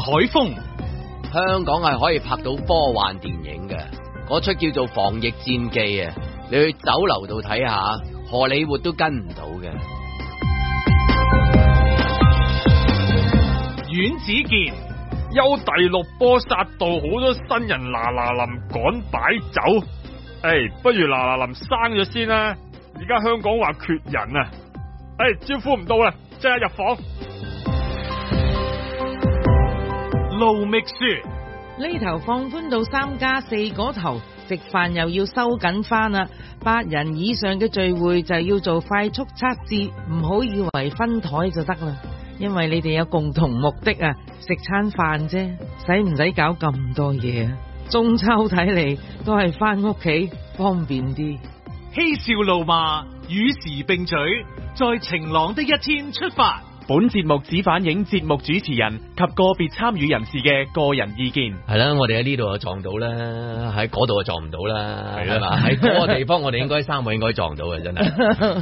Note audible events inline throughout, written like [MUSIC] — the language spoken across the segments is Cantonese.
海峰，香港係可以拍到科幻電影嘅，嗰出叫做《防疫戰記》啊！你去酒樓度睇下，荷里活都跟唔到嘅。阮子健，優第六波殺到，好多新人嗱嗱臨趕擺酒。誒、欸，不如嗱嗱臨生咗先啦！而家香港話缺人啊，誒、欸，招呼唔到啦，即刻入房。露面書呢頭放寬到三加四，嗰頭食飯又要收緊返啦，八人以上嘅聚會就要做快速測試，唔好以為分枱就得啦，因為你哋有共同目的啊，食餐飯啫，使唔使搞咁多嘢啊？中秋睇嚟都係返屋企方便啲，嬉笑怒罵，與時並舉，在晴朗的一天出發。本節目只反映節目主持人及個別參與人士嘅個人意見。係啦，我哋喺呢度啊撞到啦，喺嗰度啊撞唔到啦，係啦嘛，喺嗰 [LAUGHS] 個地方我哋應該三位應該撞到嘅，真係。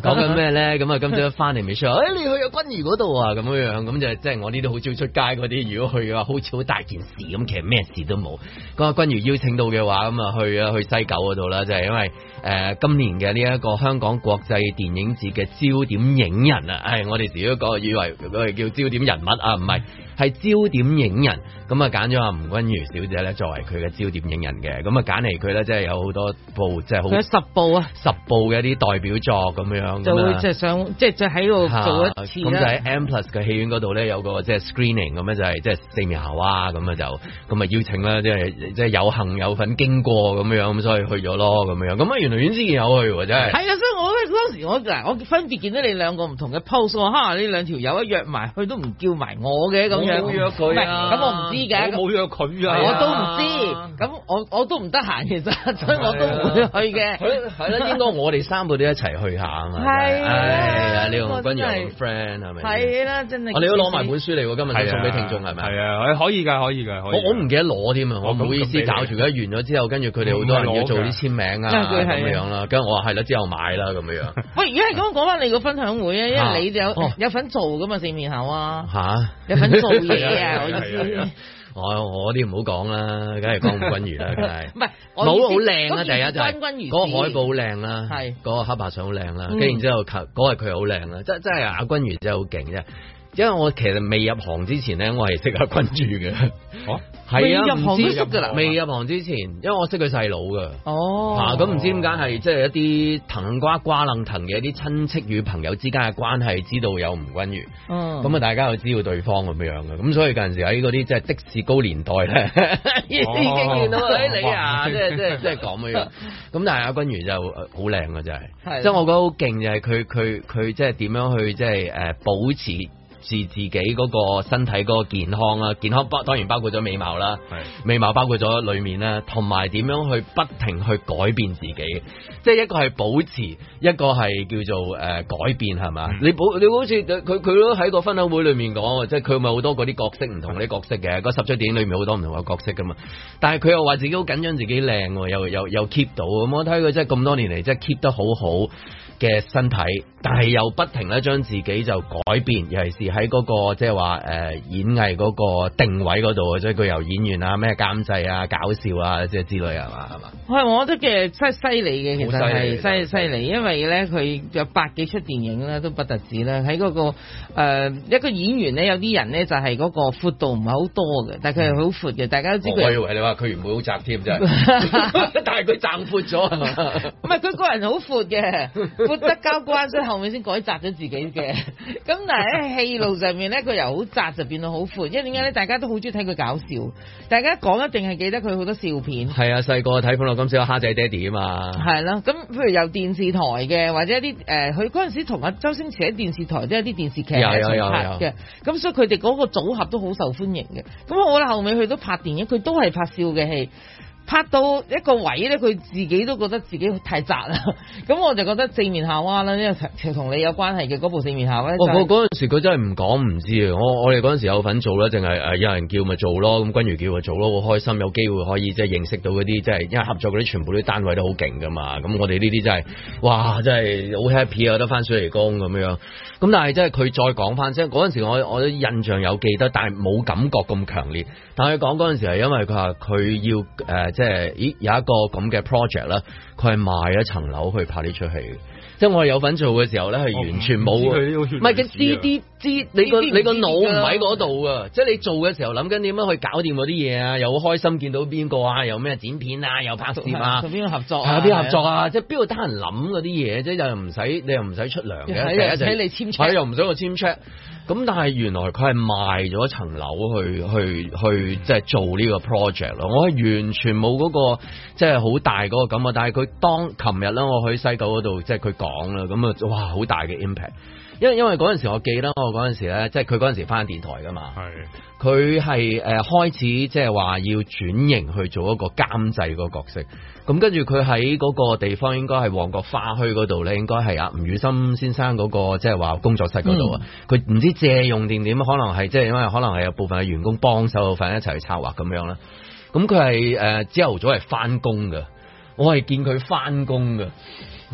講緊咩咧？咁啊，今朝翻嚟未？出，誒，你去阿君如嗰度啊？咁樣樣，咁就即係、就是、我呢度好少出街嗰啲，如果去嘅話，好似好大件事咁，其實咩事都冇。嗰個君如邀請到嘅話，咁啊去啊去西九嗰度啦，就係、是、因為誒、呃、今年嘅呢一個香港國際電影節嘅焦點影人啊，係、哎、我哋自己個以為佢係叫焦點人物啊，唔係係焦點影人，咁啊揀咗阿吳君如小姐咧作為佢嘅焦點影人嘅，咁啊揀嚟佢咧，即係有好多部，即係好十部啊，十部嘅一啲代表作咁樣，就即係想即係即喺度做一次啦。咁、啊、就喺 M Plus 嘅戲院嗰度咧，有個即係 screening 咁咧，就係即係四面夏娃咁啊就咁啊邀請啦，即係即係有幸有份經過咁樣，咁所以去咗咯咁樣。咁啊原來院之前有去真係，係啊，所以我咧當時我嗱我分別見到你兩個唔同嘅 pose 啊，呢兩條友。約埋佢都唔叫埋我嘅咁樣，我冇約佢啊咁我唔知嘅，我冇約佢啊，我都唔知，咁我我都唔得閒，其實，所以我都唔會去嘅，係啦，應該我哋三個都一齊去下啊嘛，係，係啊，呢個真係 friend 係咪？係啦，真係，我哋都攞埋本書嚟，今日就送俾聽眾係咪？係啊，可以㗎，可以㗎，我唔記得攞添啊，我唔好意思搞住，一完咗之後，跟住佢哋好多人要做啲簽名啊，咁樣啦，跟住我話係啦，之後買啦咁樣。喂，如果係咁講翻你個分享會啊，因為你就有份做㗎嘛。面口啊！嚇，你肯做嘢啊？我意我啲唔好講啦，梗係講吳君如啦，梗係。唔係，冇好靚啦，第一就係君君如。嗰個海報好靚啦，係嗰個黑白相好靚啦，跟住之後，嗰日佢好靚啦，真真係阿君如真係好勁啫。因為我其實未入行之前咧，我係識阿君如嘅。係啊，唔未入行之前，因為我識佢細佬噶。哦。咁唔、啊、知點解係即係一啲藤瓜瓜楞藤嘅一啲親戚與朋友之間嘅關係，知道有吳君如。咁啊、嗯，大家又知道對方咁樣嘅，咁所以嗰陣時喺嗰啲即係的士高年代咧，哦、 [LAUGHS] 已經見到、哦哎、你啊，即係即係即係講咁樣。咁但係阿君如就好靚嘅真係，即係的我覺得好勁就係佢佢佢即係點樣去即係誒保持。是自己嗰個身體嗰個健康啊。健康包當然包括咗美貌啦，是的 美貌包括咗裏面啦，同埋點樣去不停去改變自己，即係一個係保持，一個係叫做誒、呃、改變係嘛？ [LAUGHS] 你保你好似佢佢都喺個分享會裏面講，即係佢咪好多嗰啲角色唔同啲角色嘅，嗰 [LAUGHS] 十出電影裏面好多唔同嘅角色噶嘛，但係佢又話自己好緊張自己靚，又又又 keep 到咁，這我睇佢真係咁多年嚟，真係 keep 得好好。嘅身體，但係又不停咧將自己就改變，尤其是喺嗰、那個即係話誒演藝嗰個定位嗰度啊，即係佢由演員啊、咩監製啊、搞笑啊即係之類係嘛係嘛？我係覺得嘅真係犀利嘅，其實係真係犀利，害因為咧佢有百幾出電影咧都不特止啦。喺嗰、那個、呃、一個演員咧，有啲人咧就係、是、嗰個闊度唔係好多嘅，但係佢係好闊嘅。大家都知佢，係、哦、你話佢唔會好窄添，真係。 [LAUGHS] 但係佢增闊咗，唔係佢個人好闊嘅。 [LAUGHS] 闊得交關，所以後面先改窄咗自己嘅。咁但係喺戲路上面咧，佢由好窄就變到好闊，因為點解咧？大家都好中意睇佢搞笑，大家講一定係記得佢好多笑片。係啊，細個睇《歡樂今宵》蝦仔爹哋啊嘛。係咯、啊，咁譬如由電視台嘅，或者一啲誒，佢嗰陣時同阿周星馳喺電視台都有啲電視劇喺度拍嘅。咁所以佢哋嗰個組合都好受歡迎嘅。咁我後尾去到拍電影，佢都係拍笑嘅戲。拍到一個位咧，佢自己都覺得自己太窄啦。咁 [LAUGHS] 我就覺得四面夏娃啦，因為同你有關係嘅嗰部四面夏娃咧、就是哦。我嗰時佢真係唔講唔知啊！我我哋嗰陣時有份做啦，淨係誒有人叫咪做咯。咁君如叫咪做咯，好開心，有機會可以即係認識到嗰啲即係因為合作嗰啲全部啲單位都好勁噶嘛。咁我哋呢啲真係哇，真係好 happy 啊！得翻水泥工咁樣。咁但係真係佢再講翻即係嗰陣時我，我我印象有記得，但係冇感覺咁強烈。但係講嗰陣時係因為佢話佢要誒。呃即係，咦，有一個咁嘅 project 啦，佢係賣咗一層樓去拍呢出戲。即係我係有份做嘅時候咧，係完全冇，唔係嘅，啲啲知你個你個腦唔喺嗰度啊！即係你做嘅時候諗緊點樣去搞掂嗰啲嘢啊？又好開心見到邊個啊？又咩剪片啊？又拍攝啊？有邊個合作啊？合作啊！即係邊度得閒諗嗰啲嘢，即係又唔使你又唔使出糧嘅，而你簽出又唔使我簽出。咁但係原來佢係賣咗一層樓去去去即係、就是、做呢個 project 咯，我係完全冇嗰、那個即係好大嗰個感覺，但係佢當琴日咧，我去西九嗰度即係佢講啦，咁啊哇好大嘅 impact。因因為嗰陣時我記得我嗰陣時咧，即係佢嗰陣時翻電台噶嘛，係佢係誒開始即係話要轉型去做一個監製個角色，咁跟住佢喺嗰個地方應該係旺角花墟嗰度咧，應該係啊吳宇森先生嗰個即係話工作室嗰度啊，佢唔知借用定點，可能係即係因為可能係有部分嘅員工幫手份一齊去策劃咁樣啦，咁佢係誒朝頭早係翻工噶，我係見佢翻工噶。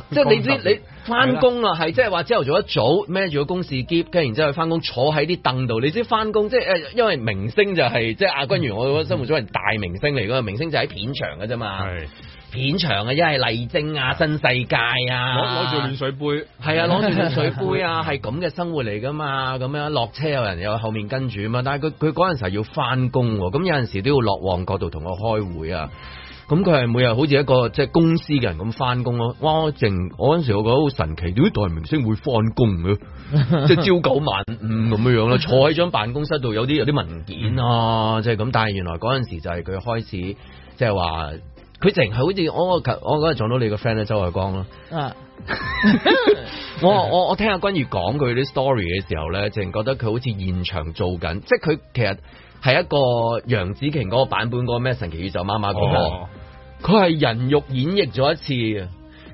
即係你知你翻工啊，係即係話朝頭早一早孭住個公事篋，跟住然之後去翻工，坐喺啲凳度。你知翻工即係誒，因為明星就係、是、即係阿君如，我生活中係大明星嚟噶。明星就喺片場噶啫嘛，是片場啊，一係麗晶啊，新世界啊，攞住暖水杯，係啊，攞住暖水杯啊，係咁嘅生活嚟噶嘛。咁樣落車有人有後面跟住嘛，但係佢佢嗰陣時候要翻工喎，咁有陣時都要落旺角度同我開會啊。咁佢係每日好似一個即係公司嘅人咁翻工咯。哇！淨我嗰陣時我覺得好神奇，點解大明星會翻工嘅？ [LAUGHS] 即係朝九晚五咁樣樣咯，坐喺張辦公室度有啲有啲文件啊，即係咁。但係原來嗰陣時就係佢開始即係話，佢淨係好似我我我嗰日撞到你個 friend 咧，周柏光啦。我我我聽阿君如講佢啲 story 嘅時候咧，淨覺得佢好似現場做緊，即係佢其實係一個楊紫瓊嗰個版本嗰個咩神奇宇宙媽媽個。哦。佢係人肉演繹咗一次，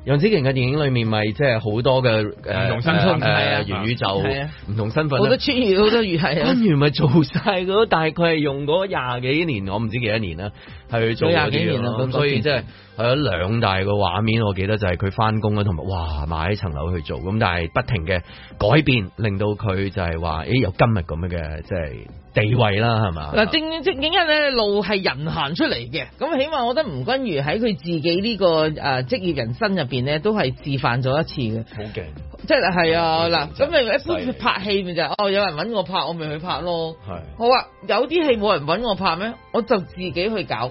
楊紫瓊嘅電影裏面咪即係好多嘅，誒，唔同身份，係啊，元宇宙，唔同身份。我覺得穿越好多越係，穿越咪做晒嗰， [LAUGHS] 但係佢係用嗰廿幾年，我唔知幾多年啦，係做嗰啲嘢咯。咁所以即係，係咗兩大個畫面，我記得就係佢翻工啊，同埋哇買層樓去做，咁但係不停嘅改變，令到佢就係話，誒，有今日咁樣嘅即係。就是地位啦，係嘛？嗱，正正正因咧路係人行出嚟嘅，咁起碼我覺得吳君如喺佢自己呢、呢個誒、呃、職業人生入邊咧，都係示範咗一次嘅。好勁！即係係啊嗱，咁你一般拍戲咪就是、哦有人揾我拍，我咪去拍咯。係是。好啊，有啲戲冇人揾我拍咩？我就自己去搞，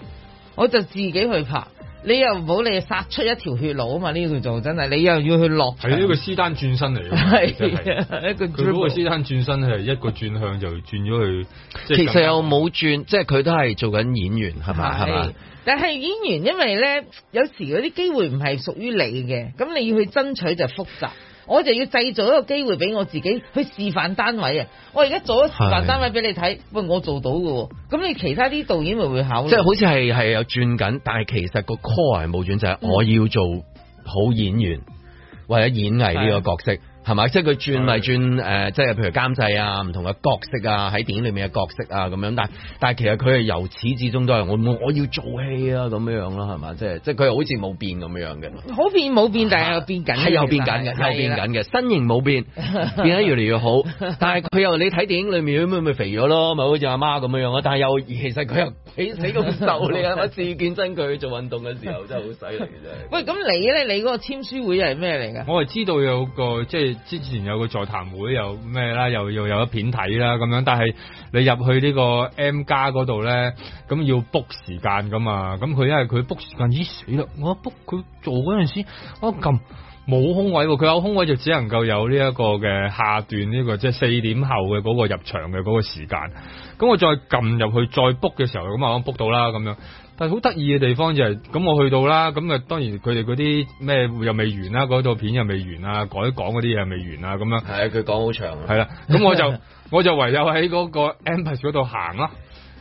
我就自己去拍。你又唔好，你殺出一條血路啊嘛！呢叫做真係，你又要去落。係呢個師丹轉身嚟嘅。係 [LAUGHS] 一個佢嗰個師丹轉身係一個轉向就轉咗去。 [LAUGHS] 其實又冇轉，即係佢都係做緊演員，係咪 [LAUGHS] 吧？係咪？但係演員因為咧，有時嗰啲機會唔係屬於你嘅，咁你要去爭取就複雜。我就要製造一個機會俾我自己去示範單位啊！我而家做咗示範單位俾你睇，是喂，我做到嘅，咁你其他啲導演咪會考慮？即係好似係係有轉緊，但係其實個 core 係冇轉，就係、是、我要做好演員，或者演藝呢個角色。係咪？即係佢轉咪轉，誒、呃，即係譬如監製啊，唔同嘅角色啊，喺電影裏面嘅角色啊，咁樣，但但係其實佢係由始至終都係我我我要做戲啊，咁樣樣咯，係嘛，即係即係佢好似冇變咁樣樣嘅。好變冇變，但係又變緊，係有變緊嘅，又、啊、變緊嘅，緊的身形冇變，變得越嚟越好，但係佢又你睇電影裏面咁咪肥咗咯，咪好似阿媽咁樣樣，但係又其實佢又死咁瘦 [LAUGHS] 你，你係我自見真佢做運動嘅時候真係好犀利真。喂，咁你咧，你嗰個簽書會係咩嚟噶？我係知道有個即係。之前有個座談會又咩啦，又又有一片睇啦咁樣，但係你入去呢個 M 家嗰度咧，咁要 book 時間噶嘛，咁佢因為佢 book 時間癲死啦，我 book 佢做嗰陣時，我撳冇空位喎，佢有空位就只能夠有呢一個嘅下段呢、這個，即係四點後嘅嗰個入場嘅嗰個時間，咁我再撳入去再 book 嘅時候，咁啊 book 到啦咁樣。但係好得意嘅地方就係、是，咁我去到啦，咁啊當然佢哋嗰啲咩又未完啦，嗰套片又未完啊，改講嗰啲嘢未完啊，咁樣。係啊，佢講好長。係啦，咁、啊、我就 [LAUGHS] 我就唯有喺嗰個 Empire 嗰度行啦。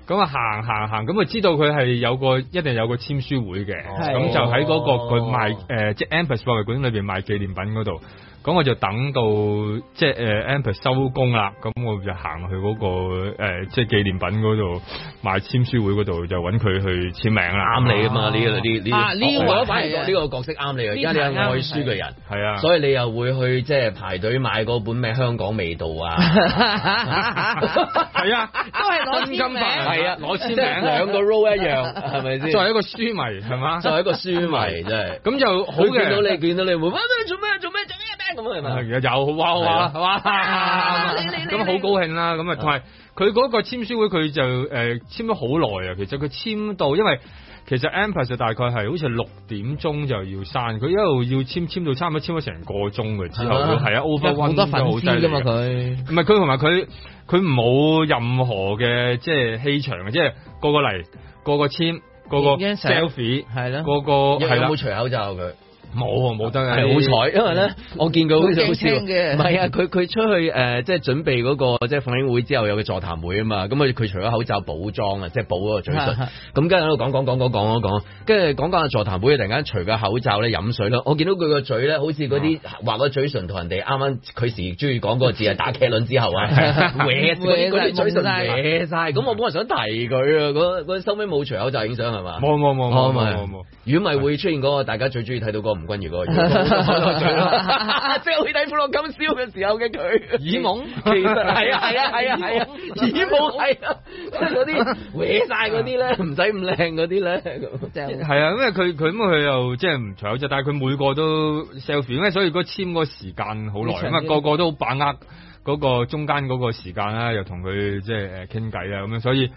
咁啊，行行行，咁啊，知道佢係有個一定有個簽書會嘅，咁就喺嗰個佢賣誒，即係 Empress 博物館裏邊賣紀念品嗰度，咁我就等到即係誒 Empress 收工啦，咁我就行去嗰個誒即係紀念品嗰度賣簽書會嗰度就揾佢去簽名啦。啱你啊嘛，呢個啲呢個我反而呢個角色啱你啊，依家，你係愛書嘅人，係啊，所以你又會去即係排隊買嗰本咩香港味道啊，係啊，都係攞簽名係啊，攞簽名兩個 row 一樣，係咪先？作為一個書迷，係嘛？作為一個書迷，真係。咁就好嘅。見到你，見到你，會咩做咩做咩做咩咩咁樣啊？有好，好，係嘛？咁好高興啦！咁啊同埋佢嗰個簽書會，佢就誒簽咗好耐啊。其實佢簽到，因為其實 a m p e 大概係好似六點鐘就要散，佢一路要簽簽到差唔多簽咗成個鐘嘅之後，係啊 o 好多粉絲嘛佢。唔係佢同埋佢。佢冇任何嘅即係氣場嘅，即係個個嚟，個個簽，個個 selfie，係啦的，個個，係啦，冇除口罩嘅。冇啊，冇得嘅，係好彩，因為咧我見佢好似好嘅，唔係啊！佢佢出去誒，即係準備嗰個即係放映會之後有個座談會啊嘛，咁佢除咗口罩補妝啊，即係補嗰個嘴唇，咁跟住喺度講講講講講講講，跟住講講下座談會，突然間除咗口罩咧飲水咯，我見到佢個嘴咧好似嗰啲畫咗嘴唇同人哋啱啱佢時最中意講嗰個字啊，打茄輪之後啊，歪歪嗰啲嘴唇歪曬，咁我本來想提佢啊，嗰嗰收尾冇除口罩影相係嘛？冇冇冇冇冇冇，如果咪會出現嗰個大家最中意睇到個君如嗰即係佢底《富樂今宵》嘅時候嘅佢。耳蒙，其實係啊，係啊，係啊，係啊，耳蒙係啊，即係嗰啲歪晒嗰啲咧，唔使咁靚嗰啲咧，即係。係啊，因為佢佢咁佢又即係唔長啫，但係佢每個都 selfie 咩，所以個簽個時間好耐，咁啊個個都把握嗰個中間嗰個時間啦，又同佢即係誒傾偈啊咁樣，所以。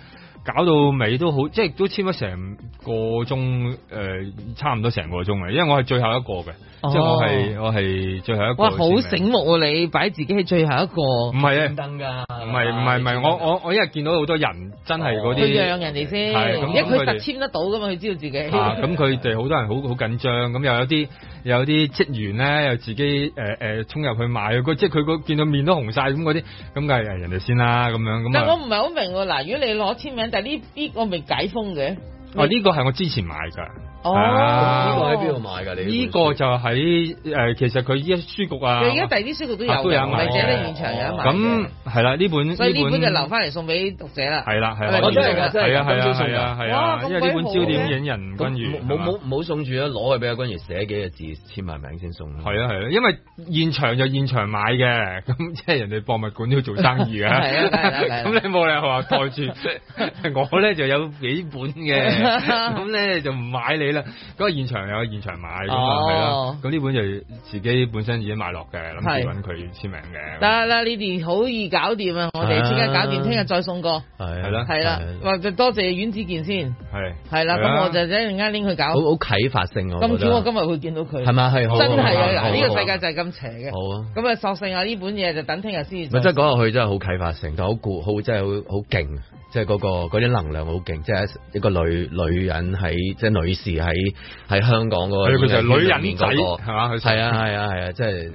搞到尾都好，即係都簽咗成個鐘誒、呃，差唔多成個鐘嘅，因為我係最後一個嘅，oh. 即係我係我係最後一個。哇！好醒目啊，你擺自己係最後一個，唔係啊？唔係唔係唔係，我我我一日見到好多人真係嗰啲，佢讓人哋先，因為佢特簽得到噶嘛，佢知道自己。啊，咁佢哋好多人好好緊張，咁又有啲有啲職員咧，又自己誒誒衝入去買，即係佢個見到面都紅晒，咁嗰啲，咁梗係人哋先啦，咁樣咁。但我唔係好明喎，嗱，如果你攞簽名，但呢呢個未解封嘅。啊，呢個係我之前買㗎。哦，呢個喺邊度買㗎？你呢個就喺誒，其實佢依家書局啊，而家第二啲書局都有，都有賣。者咧現場有一賣。咁係啦，呢本呢本就留翻嚟送俾讀者啦。係啦，係我真係㗎，係啊，係啊，係啊，因為呢本焦點影人吳君如，冇冇冇送住啊，攞去俾阿君如寫幾個字，簽埋名先送。係啊，係啊，因為現場就現場買嘅，咁即係人哋博物館都要做生意嘅。咁你冇理由話袋住，我咧就有幾本嘅，咁咧就唔買你。嗰個現場有喺現場買係咯，咁呢本就自己本身已經買落嘅，諗住搵佢簽名嘅。得啦，呢啲好易搞掂啊！我哋依家搞掂，聽日再送過。係係啦，係啦，或者多謝阮子健先。係係啦，咁我就一陣間拎佢搞。好好啟發性啊！咁巧我今日會見到佢，係嘛？係真係啊！嗱，呢個世界就係咁邪嘅。好。啊，咁啊，索性啊，呢本嘢就等聽日先。唔係，真係講落去真係好啟發性，好固，好真係好，好勁。即係嗰個嗰啲能量好勁，即係一個女女人喺即係女士喺喺香港嗰個，佢就女人仔，係嘛？係啊係啊係啊！即係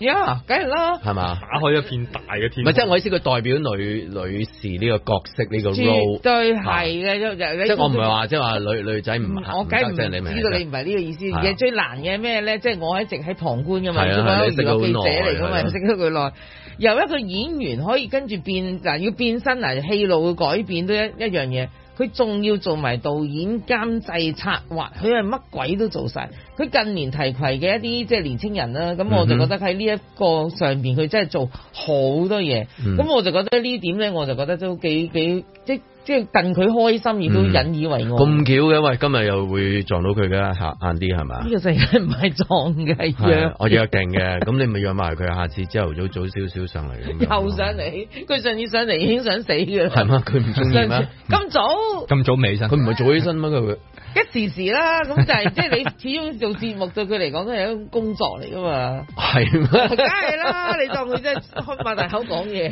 呀，梗係啦，係嘛？打開一片大嘅天空，唔係即係我意思，佢代表女女士呢個角色呢個絕對係嘅，即係我唔係話即係話女女仔唔行，我梗唔知道你唔係呢個意思。最難嘅係咩咧？即係我一直喺旁觀嘅嘛，只不過一個記者嚟嘅嘛，識咗佢耐。由一個演員可以跟住變嗱，要變身嚟，戲路會改變都一一樣嘢，佢仲要做埋導演監製策劃，佢係乜鬼都做晒。佢近年提攜嘅一啲即係年青人啦，咁、嗯、哼我就覺得喺呢一個上邊佢真係做好多嘢，咁、嗯、我就覺得呢點呢，我就覺得都幾幾即。即係戥佢開心亦都引以為傲。咁巧嘅，喂，今日又會撞到佢噶嚇晏啲係嘛？呢個世界唔係撞嘅係約。我約定嘅，咁你咪約埋佢，下次朝頭早早少少上嚟。又上嚟，佢上次上嚟已經想死㗎啦。係咪？佢唔中意咁早。咁早未起身，佢唔會早起身嘛，佢會一時時啦，咁就係即係你始終做節目對佢嚟講都係一種工作嚟㗎嘛。係。梗係啦，你當佢真係開擘大口講嘢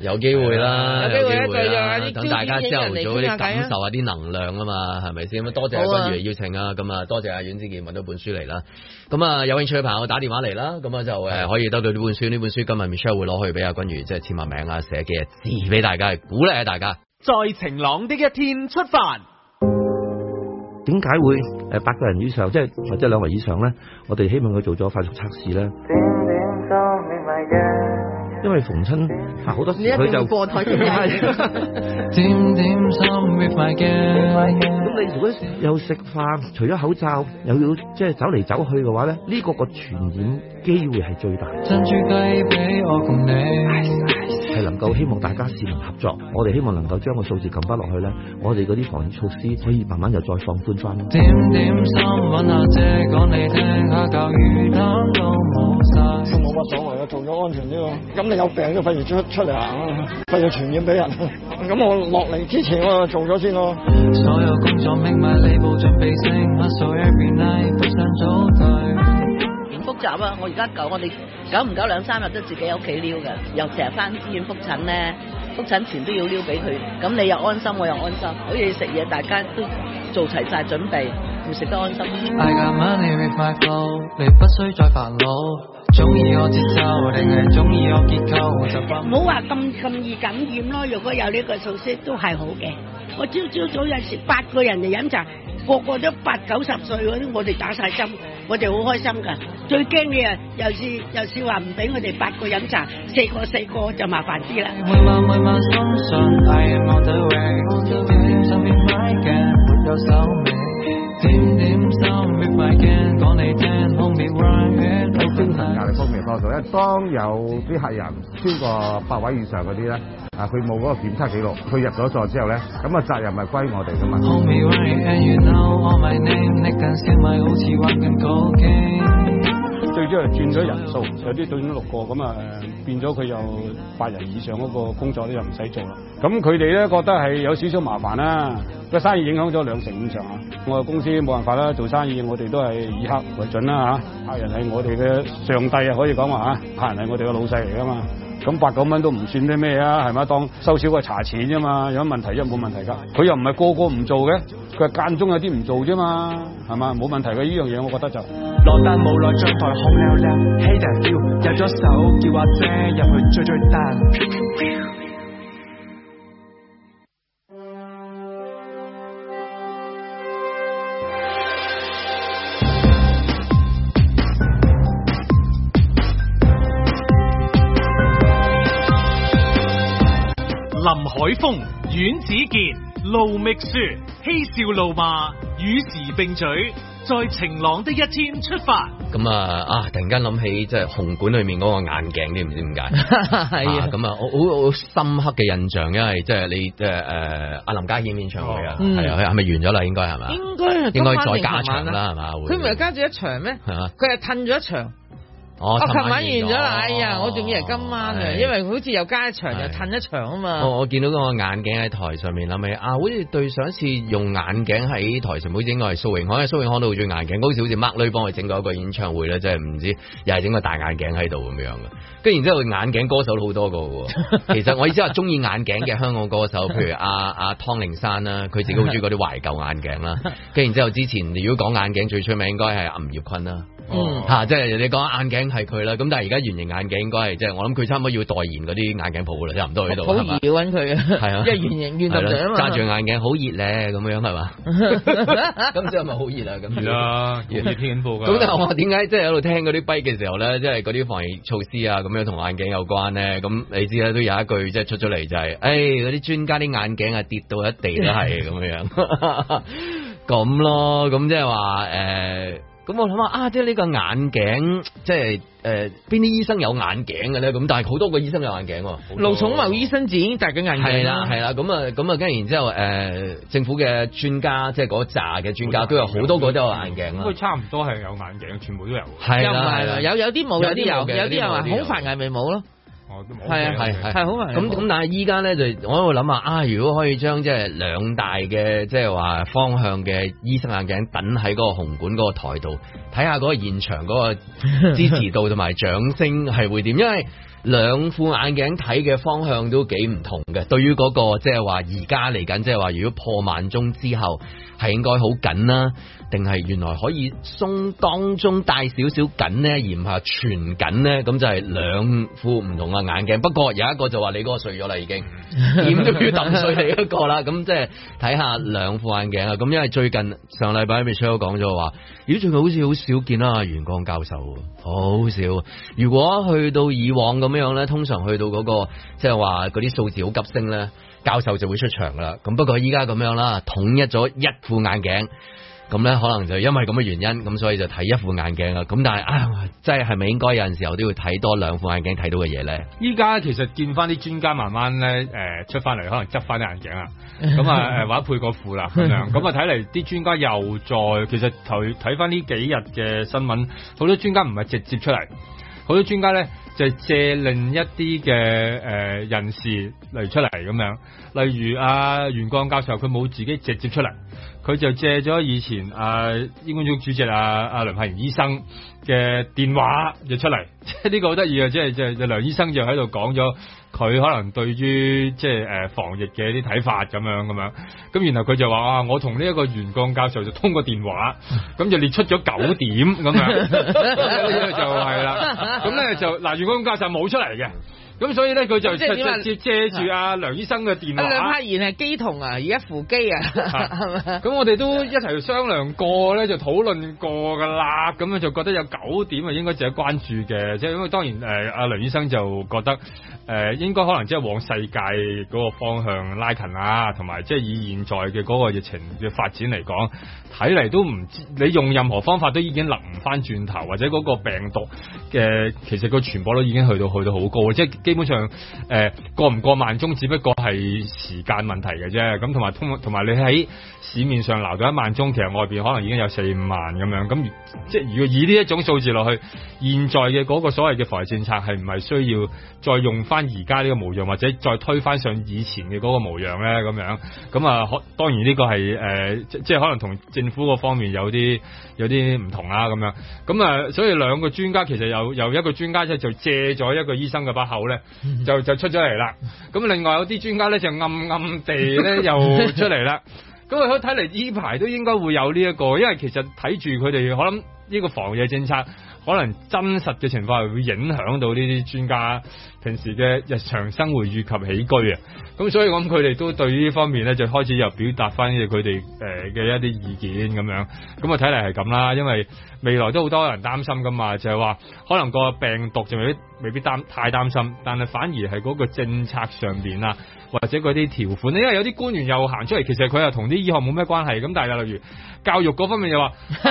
有機會啦，有機會一等大家朝頭早啲感受下啲能量啊嘛，係咪先？咁多謝阿君如邀請啊，咁啊多謝阿阮志健揾到本書嚟啦，咁啊有興趣嘅朋友打電話嚟啦，咁啊就誒可以得到呢本書。呢本書今日 Michelle 會攞去俾阿君如即係簽埋名啊，寫嘅字俾大家，鼓勵下大家。在晴朗的一天出發。點解會誒八個人以上，即係或者兩位以上咧？我哋希望佢做咗快速測試咧。因為逢親吓好多時他，佢就過台，咁你如果有食飯，除咗口罩，又要即係走嚟走去嘅話咧，呢、這個個傳染機會係最大。珍珠雞俾我共你。Nice, nice. 能夠希望大家市民合作，我哋希望能夠將個數字撳翻落去咧，我哋嗰啲防疫措施可以慢慢又再放寬翻咯。點點心揾姐講你聽，下舊雨傘都冇曬。冇乜所謂啊，做咗安全啲喎。咁你有病都費事出出嚟行啊，費事傳染俾人。咁、啊啊、我落嚟之前我就做咗先咯。所有工作複雜啊！我而家搞，我哋久唔久兩三日都自己喺屋企撩㗎，又成日返醫院覆診咧，覆診前都要撩俾佢，咁你又安心，我又安心，好似食嘢，大家都做齊晒準備，要食得安心。Phone, 你不需再煩惱，中意我節奏定係中意我結構習慣。唔好話咁咁易感染咯，如果有呢個措施都係好嘅。我朝朝早有時八個人嚟飲茶。個個都八九十歲嗰啲，我哋打晒針，我哋好開心噶。最驚嘅有又是又是話唔俾我哋八個飲茶，四個四個就麻煩啲啦。精神壓力方面多咗，因為當有啲客人超過百位以上嗰啲咧。啊！佢冇嗰個檢測記錄，佢入咗座之後咧，咁啊責任咪歸我哋噶嘛。最主要係轉咗人數，有啲轉咗六個，咁啊變咗佢有八人以上嗰個工作咧就唔使做啦。咁佢哋咧覺得係有少少麻煩啦，個生意影響咗兩成以上。啊。我哋公司冇辦法啦，做生意我哋都係以客為準啦嚇。客人係我哋嘅上帝啊，可以講話嚇。客人係我哋嘅老細嚟噶嘛。咁八九蚊都唔算啲咩啊，係咪？當收少個茶錢啫嘛，有乜問題即係冇問題㗎。佢又唔係個個唔做嘅，佢係間中有啲唔做啫嘛，係嘛？冇問題㗎。呢樣嘢，我覺得就。海峰、阮子健、盧覓雪、嬉笑怒罵、與時並嘴，在晴朗的一天出發。咁啊啊！突然間諗起，即、就、係、是、紅館裏面嗰個眼鏡，你唔知點解？係 [LAUGHS] 啊，咁啊，我好、啊、深刻嘅印象，因為即係你即係誒阿林家謙演唱會啊，係啊，係咪、嗯啊、完咗啦？應該係咪？是應該該應該再加場啦，係嘛、啊？佢唔係加咗一場咩？是啊，佢係褪咗一場。我琴、oh, oh, 晚完咗啦，哦、完了哎呀，我仲以為今晚啊，是因為好似又加一場是又褪一場啊嘛我。我我見到嗰個眼鏡喺台上面，諗、就、起、是、啊，好似對上一次用眼鏡喺台上面，好似應該係蘇永康，蘇永康都好中意眼鏡，好似好似 Mark Lee 幫佢整過一個演唱會咧，真係唔知道又係整個大眼鏡喺度咁樣，跟然之後眼鏡歌手都好多個嘅，其實我意思話中意眼鏡嘅香港歌手，譬如阿阿、啊啊、湯令山啦，佢自己好中意嗰啲懷舊眼鏡啦。跟然之後，之前如果講眼鏡最出名應該係吳業坤啦。Oh, 嗯，吓、啊，即、就、係、是、你講眼鏡係佢啦，咁但係而家圓形眼鏡應該係、就是，即係我諗佢差唔多要代言嗰啲眼鏡鋪喇，啦，差唔多喺度，好易吧，搵佢 [LAUGHS] 啊，係啊，即係圓形圓頭啊嘛，揸住眼鏡好熱咧，咁 [LAUGHS] [LAUGHS] 樣係嘛，咁即係咪好熱啊？咁樣。啊，天咁但係我點解即係喺度聽嗰啲跛嘅時候咧，即係嗰啲防疫措施啊，咁樣同眼鏡有關咧？咁你知咧都有一句即係出咗嚟就係、是，誒、哎，嗰啲專家啲眼鏡啊跌到一地都係咁樣，咁 [LAUGHS] [LAUGHS] 咯，咁即係話誒。呃咁我諗下啊，即係呢個眼鏡，即係誒，邊、呃、啲醫生有眼鏡嘅咧？咁但係好多個醫生有眼鏡。盧寵茂醫生自己戴嘅眼鏡。係啦，係啦，咁啊，咁啊，跟住然之後誒，政府嘅專家，即係嗰扎嘅專家，都有好多個都有眼鏡啦、啊啊。差唔多係有眼鏡，全部都有、啊。係啦，有有啲冇，有啲有，有啲又話孔繁毅咪冇咯。係啊，係係好咁，咁，哦 OK，但係依家咧就我喺度諗下啊，如果可以將即係兩大嘅即係話方向嘅醫生眼鏡等喺個紅館嗰個台度，睇下嗰個現場嗰個支持度同埋掌聲係會點， [LAUGHS] 因為兩副眼鏡睇嘅方向都幾唔同嘅。對於嗰個即係話而家嚟緊，即係話如果破萬鐘之後該，係應該好緊啦。定係原來可以鬆當中帶少少緊呢，而唔係全緊呢？咁就係兩副唔同嘅眼鏡。不過有一個就話你嗰個碎咗啦，已經點都要揼碎你嗰個啦。咁即係睇下兩副眼鏡啊。咁因為最近上禮拜咪出哥講咗話，咦最近好似好少見啦，袁光教授好少。如果去到以往咁樣咧，通常去到嗰、嗰個即係話嗰啲數字好急升咧，教授就會出場噶啦。咁不過依家咁樣啦，統一咗一副眼鏡。咁咧，可能就因為咁嘅原因，咁所以就睇一副眼鏡啦。咁但係，哎，即係係咪應該有陣時候都要睇多兩副眼鏡睇到嘅嘢咧？依家其實見翻啲專家慢慢咧，誒出翻嚟，可能執翻啲眼鏡啦。咁啊， [LAUGHS] 誒或者配過副啦咁 [LAUGHS] 就啊，睇嚟啲專家又再，其實睇翻呢幾日嘅新聞，好多專家唔係直接出嚟。好多專家咧就是、借另一啲嘅誒人士嚟出嚟咁樣，例如阿、啊、袁光教授，佢冇自己直接出嚟，佢就借咗以前啊醫管局主席阿、啊、阿、啊、梁柏賢醫生嘅電話就出嚟。即係呢個好得意啊，即係即係梁醫生就喺度講咗。佢可能對於即係、呃、防疫嘅啲睇法咁樣咁樣，咁然後佢就話啊，我同呢一個袁剛教授就通過電話，咁就列出咗九點咁樣， [LAUGHS] 樣就係啦，咁咧 [LAUGHS] 就嗱、 [LAUGHS] 呃、袁剛教授冇出嚟嘅。咁所以咧，佢就直接借住阿梁醫生嘅電話，兩派然係機同啊，而家、啊、扶機啊。咁、啊、 [LAUGHS] 我哋都一齊商量過咧，就討論過㗎喇。咁樣就覺得有九點啊，應該值得關注嘅。即係因為當然阿、呃、梁醫生就覺得誒、呃，應該可能即係往世界嗰個方向拉近啊，同埋即係以現在嘅嗰個疫情嘅發展嚟講。睇嚟都唔知，你用任何方法都已經立唔翻轉頭，或者嗰個病毒嘅、呃、其實個傳播都已經去到去到好高，即係基本上、呃、過唔過萬宗，只不過係時間問題嘅啫。咁同埋通同埋你喺市面上鬧到一萬宗，其實外邊可能已經有四五萬咁樣。咁即係如果以呢一種數字落去，現在嘅嗰個所謂嘅防疫政策係唔係需要再用翻而家呢個模樣，或者再推翻上以前嘅嗰個模樣咧？咁樣咁啊，當然呢個係、呃、即係可能同。政府個方面有啲有啲唔同啦、啊，咁樣咁啊，所以兩個專家其實有有一個專家即係就借咗一個醫生嘅把口咧，就就出咗嚟啦。咁另外有啲專家咧就暗暗地咧 [LAUGHS] 又出嚟啦。咁啊，佢睇嚟呢排都應該會有呢、這、一個，因為其實睇住佢哋可能呢個防疫政策可能真實嘅情況係會影響到呢啲專家。平時嘅日常生活以及起居啊，咁所以我諗佢哋都對呢方面咧，就開始又表達翻佢哋誒嘅一啲意見咁樣，咁啊，睇嚟係咁啦，因為未來都好多人擔心噶嘛，就係話可能個病毒就未必未必擔，太擔心，但係反而係嗰個政策上邊啊，或者嗰啲條款，因為有啲官員又行出嚟，其實佢又同啲醫學冇咩關係，咁但係例如教育嗰方面又話，如果、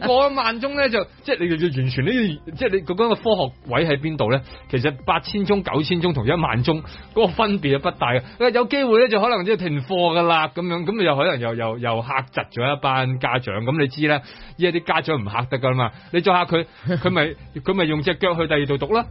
[LAUGHS] 啊、過一萬宗咧就，即係你要完全呢，即係你嗰個科學位喺邊度咧，其實八千。中九千宗同一萬宗嗰個分別啊不大嘅，因為有機會咧就可能即係停課噶啦，咁樣咁你又可能又又又嚇窒咗一班家長，咁你知啦，依家啲家長唔嚇得噶啦嘛，你再嚇佢，佢咪佢咪用隻腳去第二度讀啦。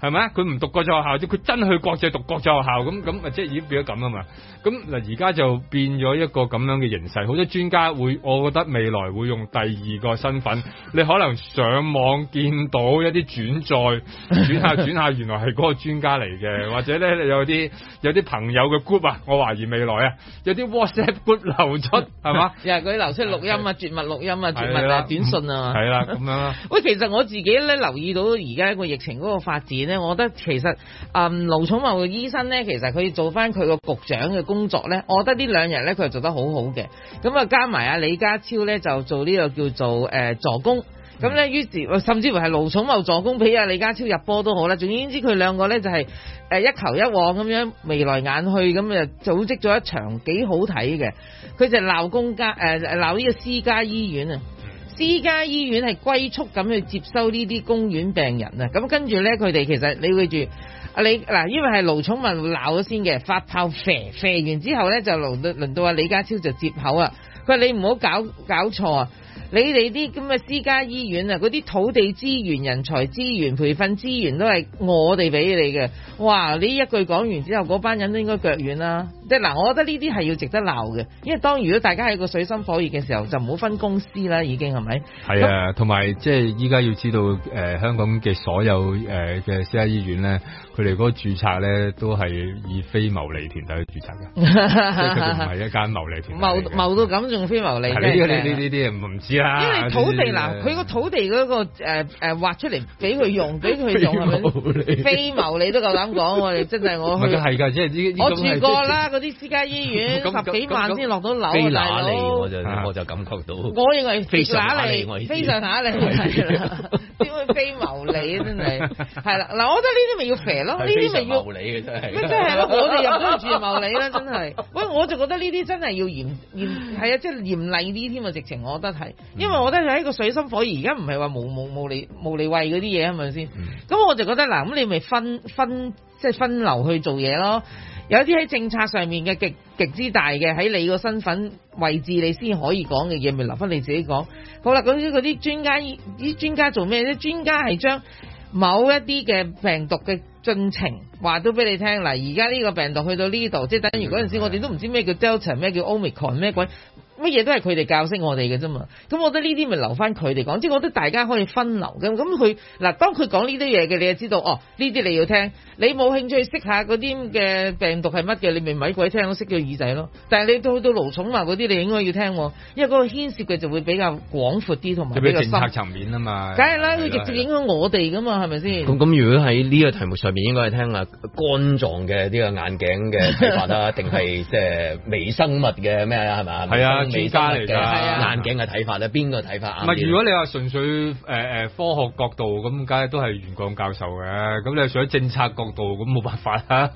係咪啊？佢唔讀國際學校啫，佢真去國際讀國際學校咁咁，即係已經變咗咁啊嘛？咁嗱，而家就變咗一個咁樣嘅形勢，好多專家會，我覺得未來會用第二個身份，你可能上網見到一啲轉載，轉下轉下，原來係嗰個專家嚟嘅， [LAUGHS] 或者咧有啲有啲朋友嘅 group 啊，我懷疑未來啊，有啲 WhatsApp group 流出，係嘛？又係佢流出錄音啊，是絕密錄音啊，的絕密啊，的短信啊，係啦不，咁樣。喂，其實我自己咧留意到而家個疫情嗰個發展。我覺得其實啊，盧寵茂嘅醫生呢，其實佢做翻佢個局長嘅工作呢。我覺得呢兩日呢，佢又做得好好嘅。咁啊，加埋阿李家超呢，就做呢個叫做誒助攻。咁呢，於是甚至乎係盧寵茂助攻，俾阿李家超入波都好啦。總言之，佢兩個呢就係誒一球一往咁樣眉來眼去咁就組織咗一場幾好睇嘅。佢就鬧公家誒，鬧呢個私家醫院啊！私家醫院係龜速咁去接收呢啲公院病人啊，咁跟住呢，佢哋其實你記住啊，你嗱，因為係盧寵文鬧咗先嘅發炮肥肥完之後呢，就輪到輪到啊李家超就接口啊，佢話你唔好搞搞錯啊！你哋啲咁嘅私家醫院啊，嗰啲土地資源、人才資源、培訓資源都係我哋俾你嘅。哇！呢一句講完之後，嗰班人都應該腳軟啦。即係嗱，我覺得呢啲係要值得鬧嘅，因為當如果大家係個水深火熱嘅時候，就唔好分公司啦，已經係咪？係啊，同埋即係依家要知道，誒、呃，香港嘅所有誒嘅、呃、私家醫院咧。佢哋嗰個註冊咧，都係以非牟利團體去註冊嘅，即係一間牟利團。牟牟到咁仲非牟利？呢啲唔知啦。因為土地嗱，佢個土地嗰個誒誒挖出嚟俾佢用，俾佢用係咪？非牟利都夠膽講，我哋真係我去。係噶，即係我住過啦，嗰啲私家醫院，十幾萬先落到樓啊！我就我就感覺到。我認為非常利，非常下利，點會非牟利？真係係啦嗱，我覺得呢啲咪要啡。呢啲咪要咩？即係我哋入咗去住就謀利啦，真係。喂， [LAUGHS] 我就覺得呢啲真係要嚴嚴，係啊，即係嚴厲啲添啊！直情，我覺得係，因為我覺得係一個水深火而家唔係話冇無無利無利嗰啲嘢，係咪先？咁、嗯、我就覺得嗱，咁你咪分分，即係分、就是、分流去做嘢咯。有啲喺政策上面嘅極極之大嘅，喺你個身份位置，你先可以講嘅嘢，咪留翻你自己講。好啦，啲嗰啲專家，啲專家做咩咧？專家係將某一啲嘅病毒嘅進程話到俾你聽嗱，而家呢個病毒去到呢度，即係等於嗰陣時我哋都唔知咩叫 Delta，咩叫 Omicron，咩鬼。乜嘢都係佢哋教識我哋嘅啫嘛，咁我覺得呢啲咪留翻佢哋講，即係我覺得大家可以分流嘅。咁佢嗱，當佢講呢啲嘢嘅，你就知道哦，呢啲你要聽。你冇興趣識下嗰啲嘅病毒係乜嘅，你咪咪鬼聽咯，塞咗耳仔咯。但係你到到盧寵茂嗰啲，你應該要聽，因為嗰個牽涉嘅就會比較廣闊啲同埋比較深。咁樣政策層面啊嘛，梗係啦，佢直接影響我哋噶嘛，係咪先？咁咁、嗯、如果喺呢個題目上面，應該係聽啊肝臟嘅呢個眼鏡嘅說法啊，定係即係微生物嘅咩啊？係咪？係啊。專家嚟嘅，眼鏡嘅睇法咧，邊個睇法？唔係如果你話純粹誒誒科學角度，咁梗係都係袁剛教授嘅。咁你係屬於政策角度，咁冇辦法啊？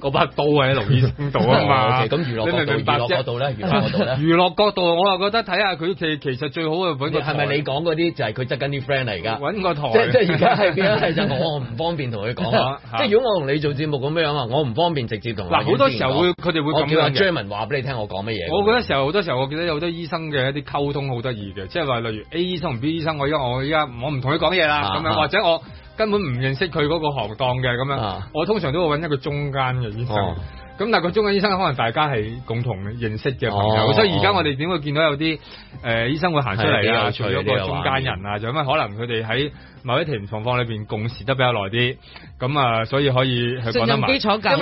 嗰把刀喺龍醫生度啊嘛。咁娛樂，你明娛樂角度咧，娛樂角度娛樂角度我又覺得睇下佢其其實最好嘅揾個係咪你講嗰啲就係佢執緊啲 friend 嚟噶？揾個即即而家係其實我唔方便同佢講啊。即如果我同你做節目咁樣啊，我唔方便直接同嗱好多時候會佢哋會我叫阿 Jeremy 話俾你聽我講乜嘢。我覺得時候好多時候。我記得有好多醫生嘅一啲溝通好得意嘅，即係話例如 A 醫生同 B 醫生，我依家我依家我唔同佢講嘢啦，咁樣、啊、或者我根本唔認識佢嗰個行當嘅咁樣，啊、我通常都會搵一個中間嘅醫生。咁、哦、但係個中間醫生可能大家係共同認識嘅朋友，哦、所以而家我哋點會見到有啲誒、呃、醫生會行出嚟啊？的除咗個中間人啊，就有咩可能佢哋喺？某一特定狀況裏邊共事得比較耐啲，咁啊，所以可以去講得埋，因為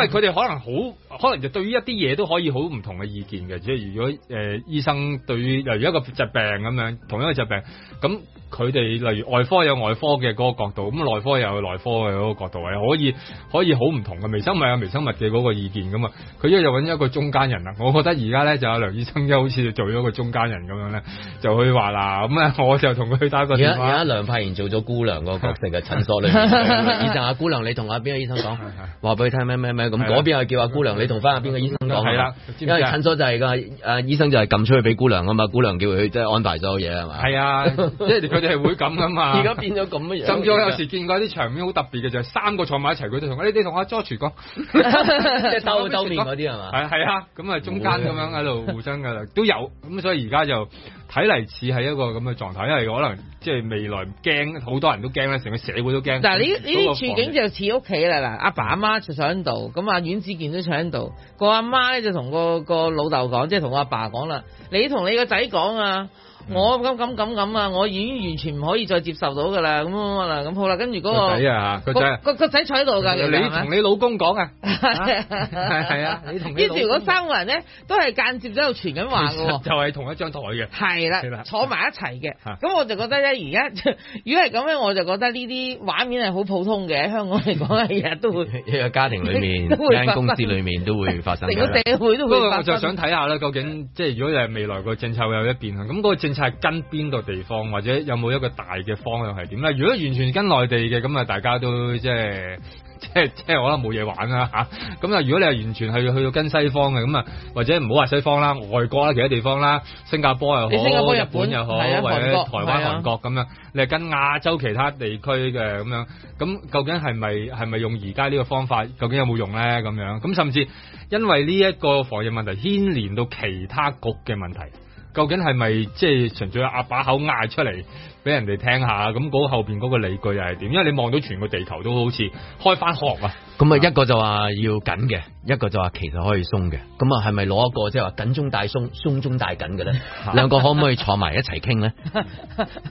佢哋可能好，可能就對於一啲嘢都可以好唔同嘅意見嘅。即係如果誒、呃、醫生對於例如一個疾病咁樣，同一個疾病咁。佢哋例如外科有外科嘅嗰個角度，咁、嗯、內科又有內科嘅嗰個角度，係可以可以好唔同嘅。微生物有微生物嘅嗰個意見咁啊，佢依家就揾一個中間人啦。我覺得而家咧就阿梁醫生就好似做咗個中間人咁樣咧，就去話嗱咁咧，我就同佢打個。而家而家梁派賢做咗姑娘個角色嘅診所裏面，依陣阿姑娘你同阿邊個醫生講，話俾佢聽咩咩咩咁嗰邊係叫阿姑娘 [LAUGHS] 你同翻阿邊個醫生講係啦，啊、因為診所就係個誒醫生就係撳出去俾姑娘啊嘛，姑娘叫佢即係安排所有嘢係嘛，係啊， [LAUGHS] 即係佢。 [LAUGHS] 係會咁噶嘛，而家變咗咁樣，甚至我有時見過啲場面好特別嘅，就係三個坐埋一齊，佢都同你同阿 JoJo 講， [LAUGHS] 即係兜兜面嗰啲係嘛？係係啊，咁啊中間咁樣喺度互爭噶啦，都有咁，所以而家就睇嚟，似係一個咁嘅狀態，因為可能即係未來驚，好多人都驚啦，成個社會都驚。嗱，呢呢處境就似屋企啦，嗱，阿爸阿媽坐喺度，咁阿阮子健都坐喺度，個阿媽咧就同個個老豆講，即係同阿爸講啦，你同你個仔講啊。我咁咁咁咁啊！我已經完全唔可以再接受到噶啦，咁啦，咁好啦。跟住嗰個個個仔坐喺度噶。你同你老公講啊？係係啊！你同嗰三個人咧，都係間接喺度傳緊話嘅。就係同一張台嘅。係啦，坐埋一齊嘅。咁我就覺得咧，而家如果係咁咧，我就覺得呢啲畫面係好普通嘅。香港嚟講，日日都會家庭裏面，間公司裏面都會發生。成個社會都會發生。不過我就想睇下啦，究竟即係如果係未來個政策會有一變啊？咁個政係跟邊個地方，或者有冇一個大嘅方向係點咧？如果完全跟內地嘅，咁啊，大家都即係即係即係可能冇嘢玩啊吓。咁啊，如果你係完全係去到跟西方嘅，咁啊，或者唔好話西方啦，外國啦，其他地方啦，新加坡又好，新加坡日本又好，或者台灣、韓國、啊咁台灣係，啊，樣，你係跟亞洲其他地區嘅咁樣。咁究竟係咪係咪用而家呢個方法，究竟有冇用咧？咁樣咁，甚至因為呢一個防疫問題牽連到其他局嘅問題。究竟係咪即係純粹阿把口嗌出嚟俾人哋聽下？咁嗰後邊嗰個理據又係點？因為你望到全個地球都好似開翻學啊！咁啊，一個就話要緊嘅，一個就話其實可以鬆嘅。咁啊，係咪攞一個即係話緊中帶鬆，鬆中帶緊嘅咧？兩個可唔可以坐埋一齊傾咧？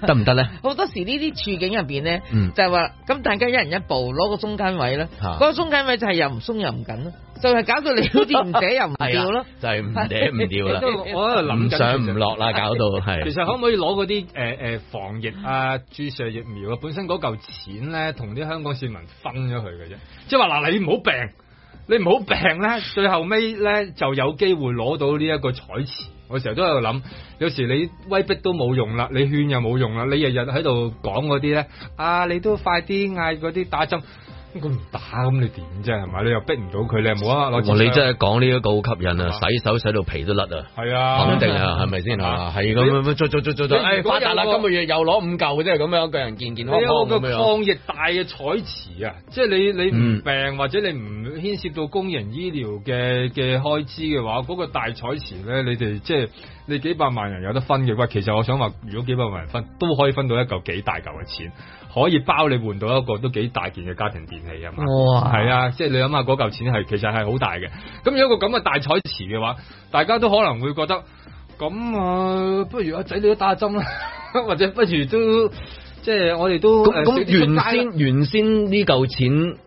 得唔得咧？好多時呢啲處境入邊咧，就係話咁大家一人一步，攞個中間位咧。嗰、嗯、個中間位就係又唔鬆又唔緊咯，啊、就係搞到你嗰啲唔扯又唔掉咯，就係唔扯唔掉啦。 [LAUGHS] 我喺度諗唔上唔落啦，不不 [LAUGHS] 搞到係。其實可唔可以攞嗰啲誒誒防疫啊注射疫苗啊？本身嗰嚿錢咧，同啲香港市民分咗佢嘅啫，即係話。嗱，你唔好病，你唔好病咧，最後尾咧就有機會攞到呢一個彩池。我成日都喺度諗，有時你威逼都冇用啦，你勸又冇用啦，你日日喺度講嗰啲咧，啊，你都快啲嗌嗰啲打針。咁佢唔打咁你點啫係咪？你又逼唔到佢，你冇啊攞？我你真係講呢一個好吸引啊！洗手洗到皮都甩啊！係啊，肯定啊，係咪先啊？係咁咁做做做做，哎，發達啦！今個月又攞五嚿嘅啫，咁樣個人健健康康咁樣。個抗疫大嘅彩池啊，即係你你唔病或者你唔牽涉到公營醫療嘅嘅開支嘅話，嗰個大彩池咧，你哋即係你幾百萬人有得分嘅喂，其實我想話，如果幾百萬人分都可以分到一嚿幾大嚿嘅錢。可以包你換到一個都幾大件嘅家庭電器啊嘛，係、哦、啊，即、就、係、是、你諗下嗰嚿錢係其實係好大嘅。咁有一個咁嘅大彩池嘅話，大家都可能會覺得咁啊，不如阿仔你都打下針啦，或者不如都即係我哋都原先原先呢嚿錢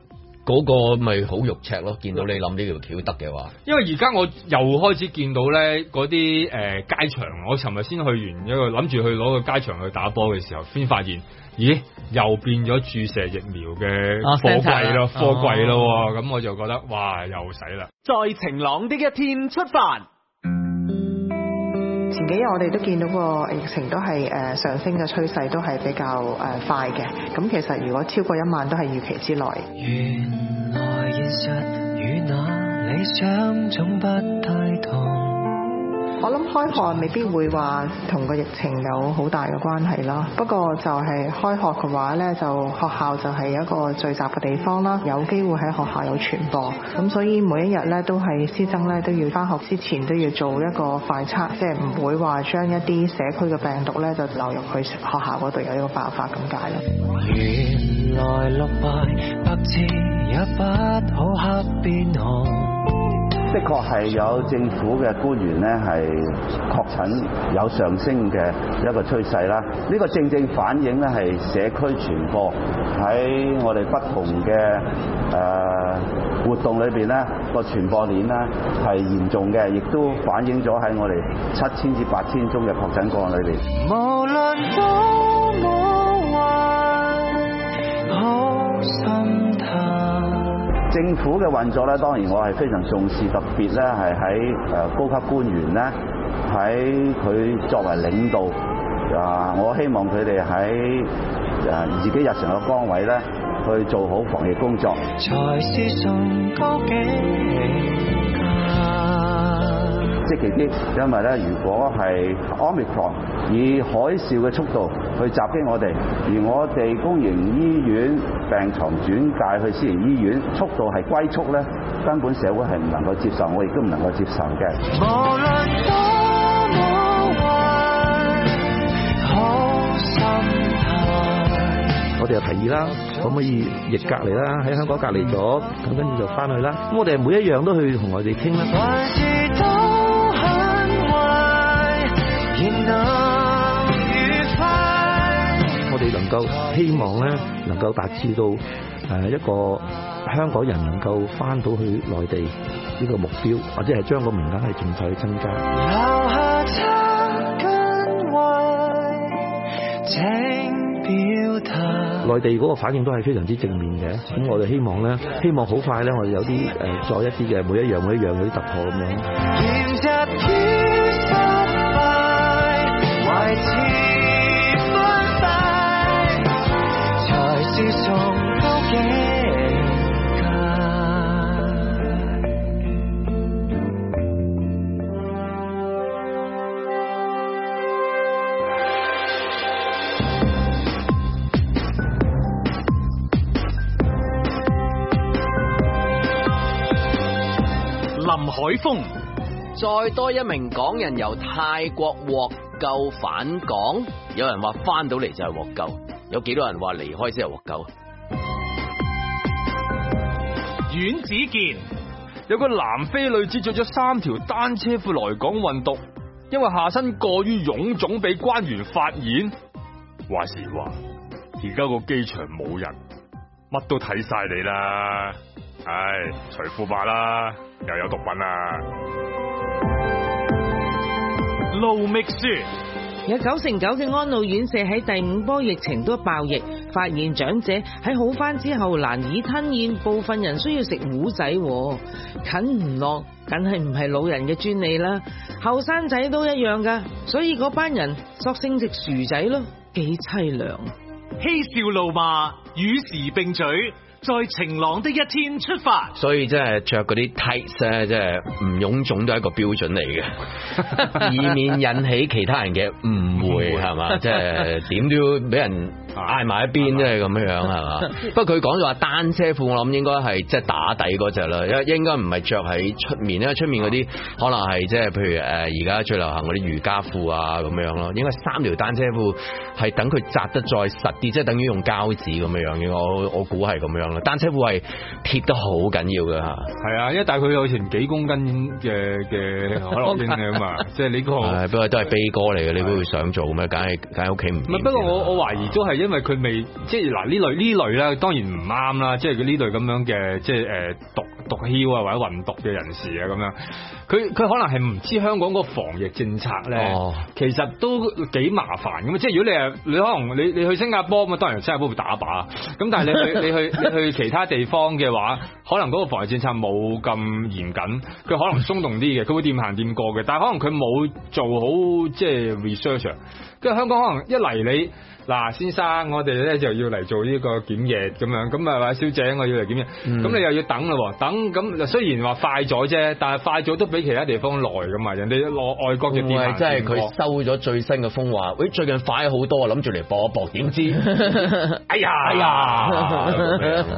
嗰個咪好肉赤咯。見到你諗呢條橋得嘅話，的因為而家我又開始見到咧嗰啲誒街場，我尋日先去完一個諗住去攞個街場去打波嘅時候，先發現。咦，又變咗注射疫苗嘅貨櫃咯，貨櫃咯、啊，咁、哦啊、我就覺得，哇，又使啦！在晴朗的一天出發。前幾日我哋都見到個疫情都係誒上升嘅趨勢，都係比較誒快嘅。咁其實如果超過一萬都係預期之內。原來現實與那理想總不太同。我諗開學未必會話同個疫情有好大嘅關係啦，不過就係開學嘅話呢，就學校就係一個聚集嘅地方啦，有機會喺學校有傳播，咁所以每一日呢，都係師生呢都要翻學之前都要做一個快測，即係唔會話將一啲社區嘅病毒呢就流入去學校嗰度，有個辦法一個爆發咁解咯。的確係有政府嘅官員咧，係確診有上升嘅一個趨勢啦。呢、這個正正反映咧係社區傳播喺我哋不同嘅誒、呃、活動裏邊咧個傳播鏈咧係嚴重嘅，亦都反映咗喺我哋七千至八千宗嘅確診個案裏邊。政府嘅運作咧，當然我係非常重視，特別咧係喺誒高級官員咧，喺佢作為領導啊，我希望佢哋喺誒自己日常嘅崗位咧，去做好防疫工作。即其啲，因為咧，如果係 Omicron 以海嘯嘅速度去襲擊我哋，而我哋公營醫院病床轉介去私營醫院，速度係龜速咧，根本社會係唔能夠接受，我亦都唔能夠接受嘅。我哋又提議啦，可唔可以逆隔離啦？喺香港隔離咗，咁跟住就翻去啦。咁我哋每一樣都去同我哋傾啦。我哋能夠希望咧，能夠達至到誒一個香港人能夠翻到去內地呢個目標，或者係將個名額係更快去增加。內地嗰個反應都係非常之正面嘅，咁我哋希望咧，希望好快咧，我哋有啲誒再一啲嘅，每一樣每一樣有啲突破咁樣。嗯林海峰，再多一名港人由泰國獲救返港，有人話翻到嚟就係獲救。有幾多人話離開先係獲救？阮子健有個南非女子着咗三條單車褲來港運毒，因為下身過於臃腫被官員發現。話時話，而家個機場冇人，乜都睇晒你啦。唉，除褲拔啦，又有毒品啦。盧覓雪。有九成九嘅安老院舍喺第五波疫情都爆疫，發現長者喺好返之後難以吞嚥，部分人需要食糊仔，啃唔落，梗係唔係老人嘅專利啦，後生仔都一樣噶，所以嗰班人索性食薯仔咯，幾淒涼，嬉笑怒罵與時並進。在晴朗的一天出發，所以即係着嗰啲 T 恤，即係唔臃腫都係一個標準嚟嘅， [LAUGHS] 以免引起其他人嘅誤會，係嘛會？即係點都要俾人。嗌埋一邊啫咁樣樣係嘛？ [LAUGHS] 不過佢講話單車褲，我諗應該係即係打底嗰隻啦，因為應該唔係著喺出面啦，出面嗰啲可能係即係譬如誒而家最流行嗰啲瑜伽褲啊咁樣咯。應該三條單車褲係等佢紮得再實啲，即係等於用膠紙咁樣樣嘅。我我估係咁樣啦。單車褲係貼得好緊要㗎。係啊，因為大概佢有成幾公斤嘅嘅可能啊嘛。即係呢個不過都係悲歌嚟嘅，你都會想做咩？梗係梗係屋企唔。唔係不過我我懷疑都係一因為佢未即係嗱呢類呢類咧，當然唔啱啦。即係佢呢類咁樣嘅，即係誒毒毒梟啊或者運毒嘅人士啊咁樣。佢佢可能係唔知香港嗰個防疫政策咧，其實都幾麻煩咁。即係如果你係你可能你你去新加坡咁，當然新加坡會打靶。咁但係你去你去你去，你去其他地方嘅話，可能嗰個防疫政策冇咁嚴謹，佢可能鬆動啲嘅，佢會掂行掂過嘅。但係可能佢冇做好即係 research，跟住香港可能一嚟你。嗱，先生，我哋咧就要嚟做呢個檢驗咁樣，咁咪話小姐，我要嚟檢驗，咁你又要等啦喎，等咁，雖然話快咗啫，但係快咗都比其他地方耐噶嘛，人哋一攞外國嘅，唔係，即係佢收咗最新嘅風話，喂，最近快好多，諗住嚟博一博，點知，哎呀，哎呀，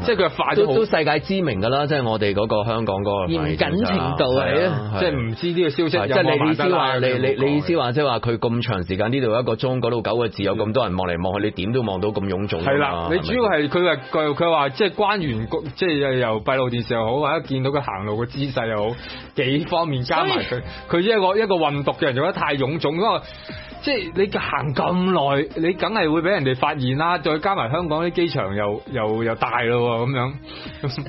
即係佢快咗都世界知名噶啦，即係我哋嗰個香港嗰個嚴謹程度嚟，即係唔知呢個消息，即係你意思話，你你你意思話，即係話佢咁長時間呢度一個鐘，嗰度九個字，有咁多人望你。望佢你點都望到咁臃腫。係啦了，是吧你主要係佢話佢佢話即係關完局即係由閉路電視又好，或者見到佢行路個姿勢又好，幾方面加埋佢，佢以一個一個運毒嘅人做得太臃腫，因為。即係你行咁耐，你梗係會俾人哋發現啦。再加埋香港啲機場又又又大咯，咁樣，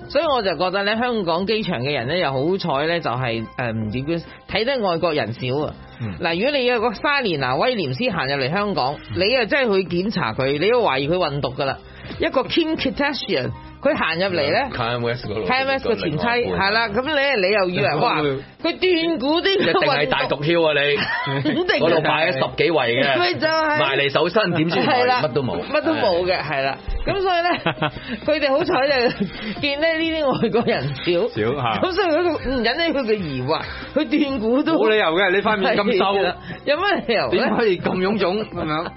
所以我就覺得咧，香港機場嘅人咧又好彩、就、咧、是，就係唔點睇得外國人少啊。嗱，嗯、如果你有個莎蓮娜威廉斯行入嚟香港，你啊真係去檢查佢，你都懷疑佢運毒噶啦。 [LAUGHS] 一個 Kim Kardashian 佢行入嚟咧，KMS 個前妻係啦，咁咧你又以為哇，佢斷股啲，一定係大毒梟啊你，肯定嗰度賣咗十幾位嘅，賣嚟手身點先？係啦，乜都冇，乜都冇嘅，係啦，咁所以咧，佢哋好彩就見咧呢啲外國人少少嚇，咁所以佢引起佢嘅疑惑，佢斷股都冇理由嘅，你塊面咁瘦，有乜理由點解可以咁臃腫咁樣？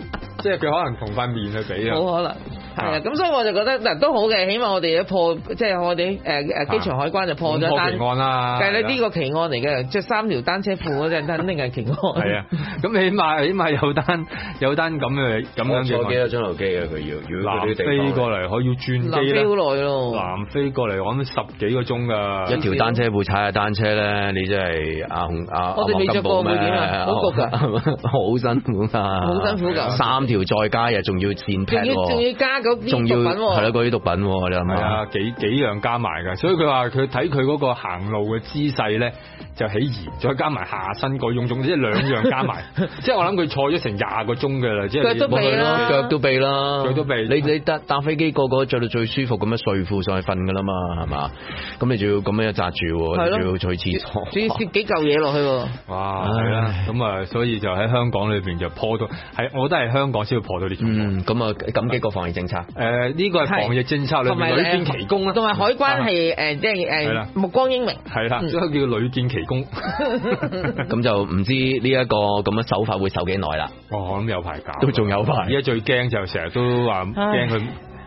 即係佢可能同塊面去比啊，冇可能。係啊，咁所以我就覺得嗱都好嘅，起碼我哋一破即係我哋誒機場海關就破咗單案啦。但係呢呢個奇案嚟嘅，即係三條單車褲嗰陣，肯定係奇案。係啊，咁起碼起碼有單有單咁嘅咁樣嘅。坐幾多個鐘頭機啊？佢要南飛過嚟，可以轉機啦。南飛好耐咯。南飛過嚟我諗十幾個鐘噶，一條單車褲踩下單車咧，你真係阿紅阿黃金寶咧，好焗㗎，好辛苦啊！好辛苦㗎，三條再加又仲要仲要加。仲要係啦，嗰啲毒品，毒品你又係啊，幾幾樣加埋噶。所以佢話，佢睇佢嗰個行路嘅姿勢咧。就起疑，再加埋下身個用，總之兩樣加埋，即係我諗佢坐咗成廿個鐘嘅啦，即係腳都痹啦，腳都痹啦，腳都痹。你你搭搭飛機個個着到最舒服咁樣睡褲上去瞓嘅啦嘛，係嘛？咁你仲要咁樣扎住，仲要去廁所，仲要幾嚿嘢落去。哇，係啦，咁啊，所以就喺香港裏邊就破到，係我都係香港先會破到呢種。咁啊，感激個防疫政策。誒，呢個係防疫政策裏面屢建奇功啦。同埋海關係誒，即係誒目光英明。係啦，叫屢建奇。咁 [LAUGHS] [LAUGHS] 就唔知呢一個咁嘅手法會守幾耐啦。哦，咁有排搞，都仲有排。而家最驚就成日都話驚佢。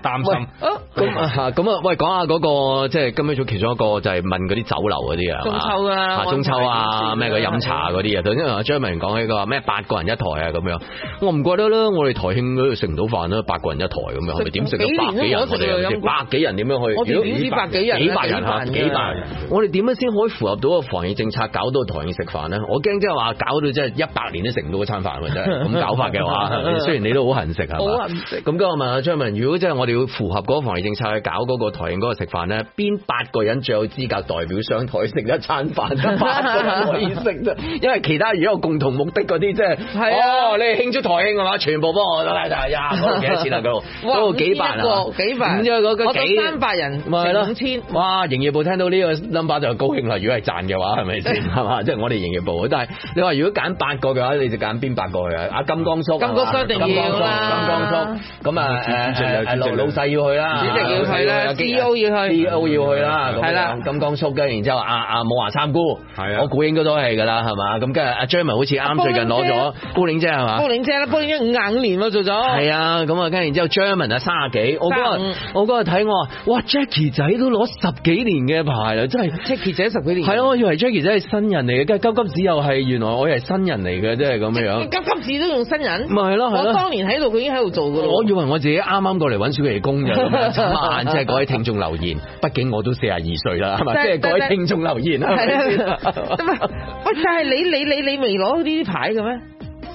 擔心咁啊，咁啊，喂，講下嗰個即係今朝早其中一個就係問嗰啲酒樓嗰啲啊，中秋啊，中秋啊，咩嗰飲茶嗰啲啊，頭先阿張文講起個咩八個人一台啊，咁樣，我唔覺得啦，我哋台慶嗰度食唔到飯啦，八個人一台，咁樣，係咪點食到百幾人？我哋百幾人點樣去？我哋點知百幾人？幾百人？幾百？我哋點樣先可以符合到個防疫政策搞到台慶食飯呢？我驚即係話搞到即係一百年都食唔到嗰餐飯啊！真係咁搞法嘅話，雖然你都好恨食係嘛，咁跟住我問阿張文，如果即係我哋。要符合嗰防疫政策去搞嗰個台慶嗰個食飯咧，邊八個人最有資格代表上台食一餐飯？八個人可以食得，因為其他如果有共同目的嗰啲，即係、 [LAUGHS] 就是、哦，你慶祝台慶嘅話，全部幫我啦！但係廿個幾多錢啊？嗰、那、度、個？哇、那個，幾百啊？幾百？咁啊、那個，嗰個幾三百人咪五千哇！營業部聽到呢個 number 就高興啦。如果係賺嘅話，係咪先？係嘛？ [LAUGHS] 即、就、係、是、我哋營業部。但係你話如果揀八個嘅話，你就揀邊八個去啊？阿金剛叔，金剛叔一定要啦。金剛叔咁啊誒誒。嗯嗯老細要去啦，主席要去啦，C E O 要去，C E O 要去啦，係啦，金光叔嘅，然之後阿阿冇華三姑，係啊，我估應該都係噶啦，係嘛，咁跟住阿張文，好似啱最近攞咗高領姐係嘛，高領姐啦，高領姐五廿五年做咗，係啊，咁啊跟住然之後張文啊，三十幾，我嗰日我嗰日睇我話，哇 Jackie 仔都攞十幾年嘅牌啦，真係 Jackie 仔十幾年，係啊，我以為 Jackie 仔係新人嚟嘅，跟住急急子又係，原來我係新人嚟嘅，真係咁樣樣，急急子都用新人，咪係咯，我當年喺度佢已經喺度做噶啦，我以為我自己啱啱過嚟搵嚟供咁係各位聽眾留言，畢竟我都四十二歲啦，係咪？即係各位聽眾留言啊！喂，但係你你你你未攞呢啲牌嘅咩？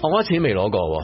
我一次未攞過，誒，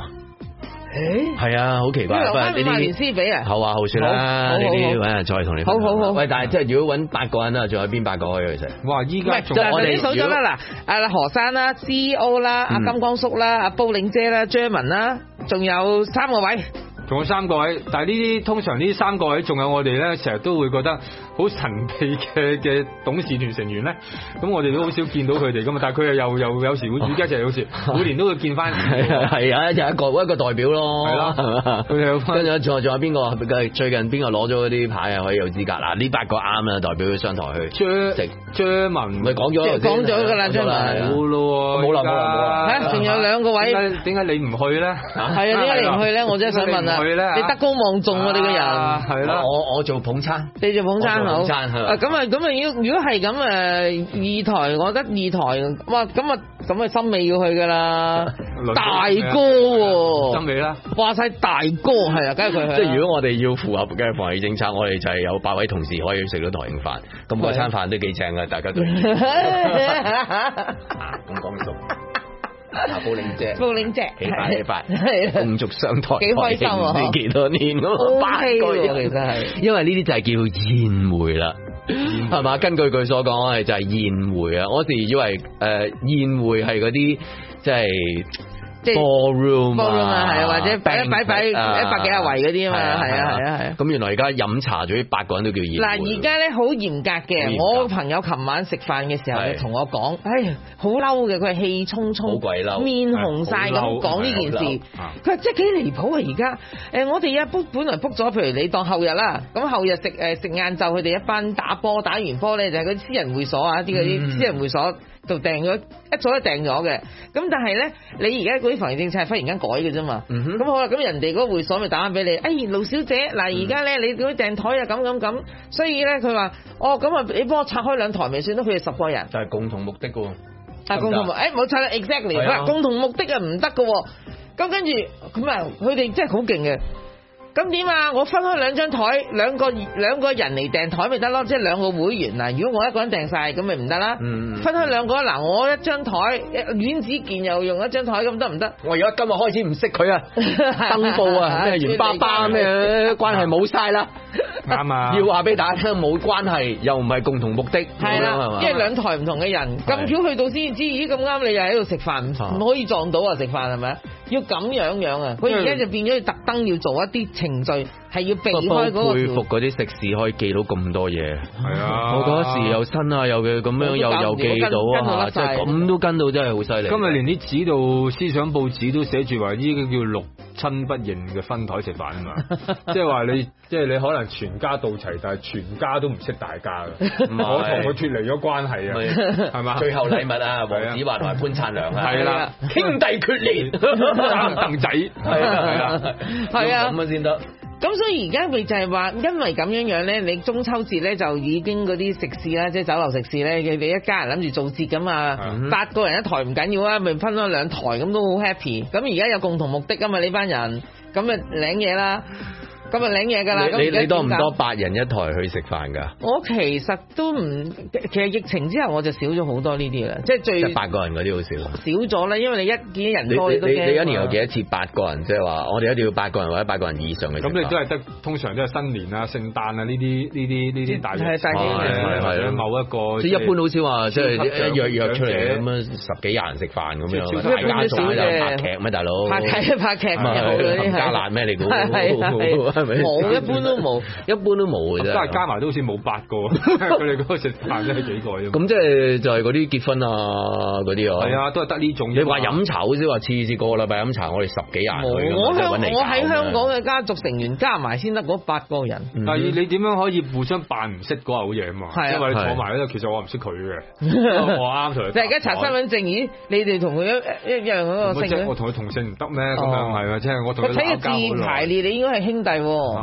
係啊，好奇怪。你嚟萬年私俾啊！好話好說啦，你揾人再同你好好好。喂，但係即係如果揾八個人啊，仲有邊八個可以食？哇！依家我哋數咗啦嗱，阿何生啦、CEO 啦、阿金光叔啦、阿波領姐啦、Jerman 啦，仲有三個位。仲有三個位，但係呢啲通常呢三個位，仲有我哋咧，成日都會覺得。好神秘嘅嘅董事團成員咧，咁我哋都好少見到佢哋咁嘛。但係佢又又有時會主家，就係好似每年都會見翻，係啊，就一個一個代表咯，係啦，跟住仲有仲有邊個？最近邊個攞咗嗰啲牌啊？可以有資格嗱？呢八個啱啊，代表佢上台去。張文唔係講咗，講咗噶啦，冇啦，冇啦，吓，仲有兩個位，點解你唔去咧？係啊，點解你唔去咧？我真係想問啊，你德高望重啊，你個人係啦，我我做捧餐，你做捧餐。啊，咁啊，咁啊，如果如果係咁誒，二台，我覺得二台，哇，咁啊，咁啊，森美要去噶啦，大哥，森美啦，話晒大哥係啊，梗係佢。即係如果我哋要符合嘅防疫政策，我哋就係有八位同事可以食到台慶飯，咁嗰餐飯都幾正噶，大家都。咁講、 [LAUGHS] 啊啊，布玲姐，布玲姐，拜拜，係共續上台，幾的開心喎，幾多年咁，O K 喎，嗯、其實係因為呢啲就係叫宴會啦，係嘛？吧根據佢所講，係就係、是、宴會啊，我哋以為誒，宴會係嗰啲即係。就是即係 ball room 啊，嘛係啊，或者擺一擺擺一百幾廿圍嗰啲啊嘛，係啊係啊係啊。咁原來而家飲茶仲要八個人都叫熱。嗱，而家咧好嚴格嘅，我朋友琴晚食飯嘅時候，佢同我講，唉，好嬲嘅，佢係氣沖沖，面紅晒咁講呢件事。佢話即係幾離譜啊！而家，誒我哋一 book，本來 book 咗，譬如你當後日啦，咁後日食誒食晏晝，佢哋一班打波打完波咧，就喺私人會所啊啲嗰啲私人會所。就訂咗一早就訂咗嘅，咁但係咧，你而家嗰啲防疫政策係忽然間改嘅啫嘛，咁、嗯、哼好啦，咁人哋嗰個會所咪打返畀你，哎，盧小姐，嗱而家咧你嗰啲訂台又咁咁咁，所以咧佢話，哦咁啊，你幫我拆開兩台咪算得佢哋十個人，就係共同目的嘅，共同，誒冇拆啦，exactly 啦，共同目的啊唔得嘅，咁跟住咁啊，佢哋真係好勁嘅。咁點啊？我分開兩張台，兩個兩個人嚟訂台咪得咯？即係兩個會員嗱。如果我一個人訂晒，咁咪唔得啦。分開兩個嗱，我一張台，阮子健又用一張台，咁得唔得？我而家今日開始唔識佢啊，登報啊，咩阮爸爸咩關係冇晒啦。啱啊，要話俾大家聽，冇關係，又唔係共同目的。係啦，因為兩台唔同嘅人，咁巧去到先知，咦咁啱你又喺度食飯，唔唔可以撞到啊食飯係咪？要咁樣樣啊，佢而家就變咗要特登要做一啲程序。係要避開嗰佩服啲食肆可以記到咁多嘢，係啊！我嗰時又親啊，又嘅咁樣又又記到啊，即係咁都跟到真係好犀利。今日連啲指導思想報紙都寫住話，呢個叫六親不認嘅分台食飯啊嘛！即係話你，即係你可能全家到齊，但係全家都唔識大家，唔好同佢脱離咗關係啊！係嘛？最後禮物啊，黃子華同埋潘燦良啊，係啦，兄弟決裂，鄧仔係啊，係啊，係啊，咁啊先得。咁所以而家咪就係話，因為咁樣樣咧，你中秋節咧就已經嗰啲食肆啦，即係酒樓食肆咧，佢哋一家人諗住做節噶嘛，嗯、哼八個人一台唔緊要啊，咪分咗兩台咁都好 happy。咁而家有共同目的啊嘛呢班人，咁咪領嘢啦。咁啊，拎嘢噶啦！你你多唔多八人一枱去食飯噶？我其實都唔，其實疫情之後我就少咗好多呢啲啦，即係最八個人嗰啲好少。少咗咧，因為你一見人多你都驚。你你你一年有幾多次八個人？即係話我哋一定要八個人或者八個人以上嘅。咁你都係得通常都係新年啊、聖誕啊呢啲呢啲呢啲大。係大啲人嚟嘅。某一個即係一般，好少話即係一約約出嚟咁樣十幾廿人食飯咁樣，大家做下拍劇咩？大佬拍劇拍劇啊，加難咩？你估？冇，一般都冇，一般都冇嘅啫。都加埋都好似冇八個，佢哋嗰時扮咗幾個啫。咁即係就係嗰啲結婚啊嗰啲啊，係啊，都係得呢種。你話飲茶好似話次次個禮拜飲茶，我哋十幾人我喺香港嘅家族成員加埋先得嗰八個人。但係你點樣可以互相扮唔識嗰下好嘢啊嘛？因為你坐埋喺度，其實我唔識佢嘅。我啱同即你而家查身份證咦？你哋同佢一一樣嗰個性嘅。我同佢同性唔得咩？咁樣係啊，即係我同佢。睇排列，你應該係兄弟。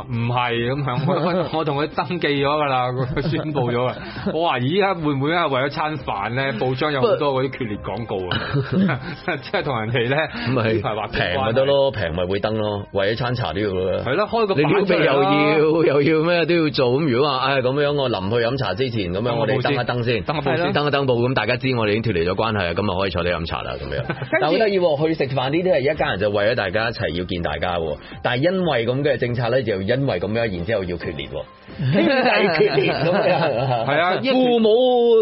唔係咁我同佢登記咗㗎啦，佢宣布咗啦。我話依家會唔會係為咗餐飯咧，報章有好多嗰啲決裂廣告啊？即係同人哋咧咁係話平咪得咯，平咪會登咯。為咗餐茶都要㗎，係咯，開個報章又要又要咩都要做咁？如果話誒咁樣，我臨去飲茶之前咁樣，我哋登下登先，登一登先，登一登報咁，大家知我哋已經脱離咗關係啊，咁咪可以坐嚟飲茶啦咁樣。 [LAUGHS] 著但好得意，去食飯呢啲係一家人就為咗大家一齊要見大家。但係因為咁嘅政策。就因為咁樣，然之後要決裂，兄弟決裂咁樣，係啊，父母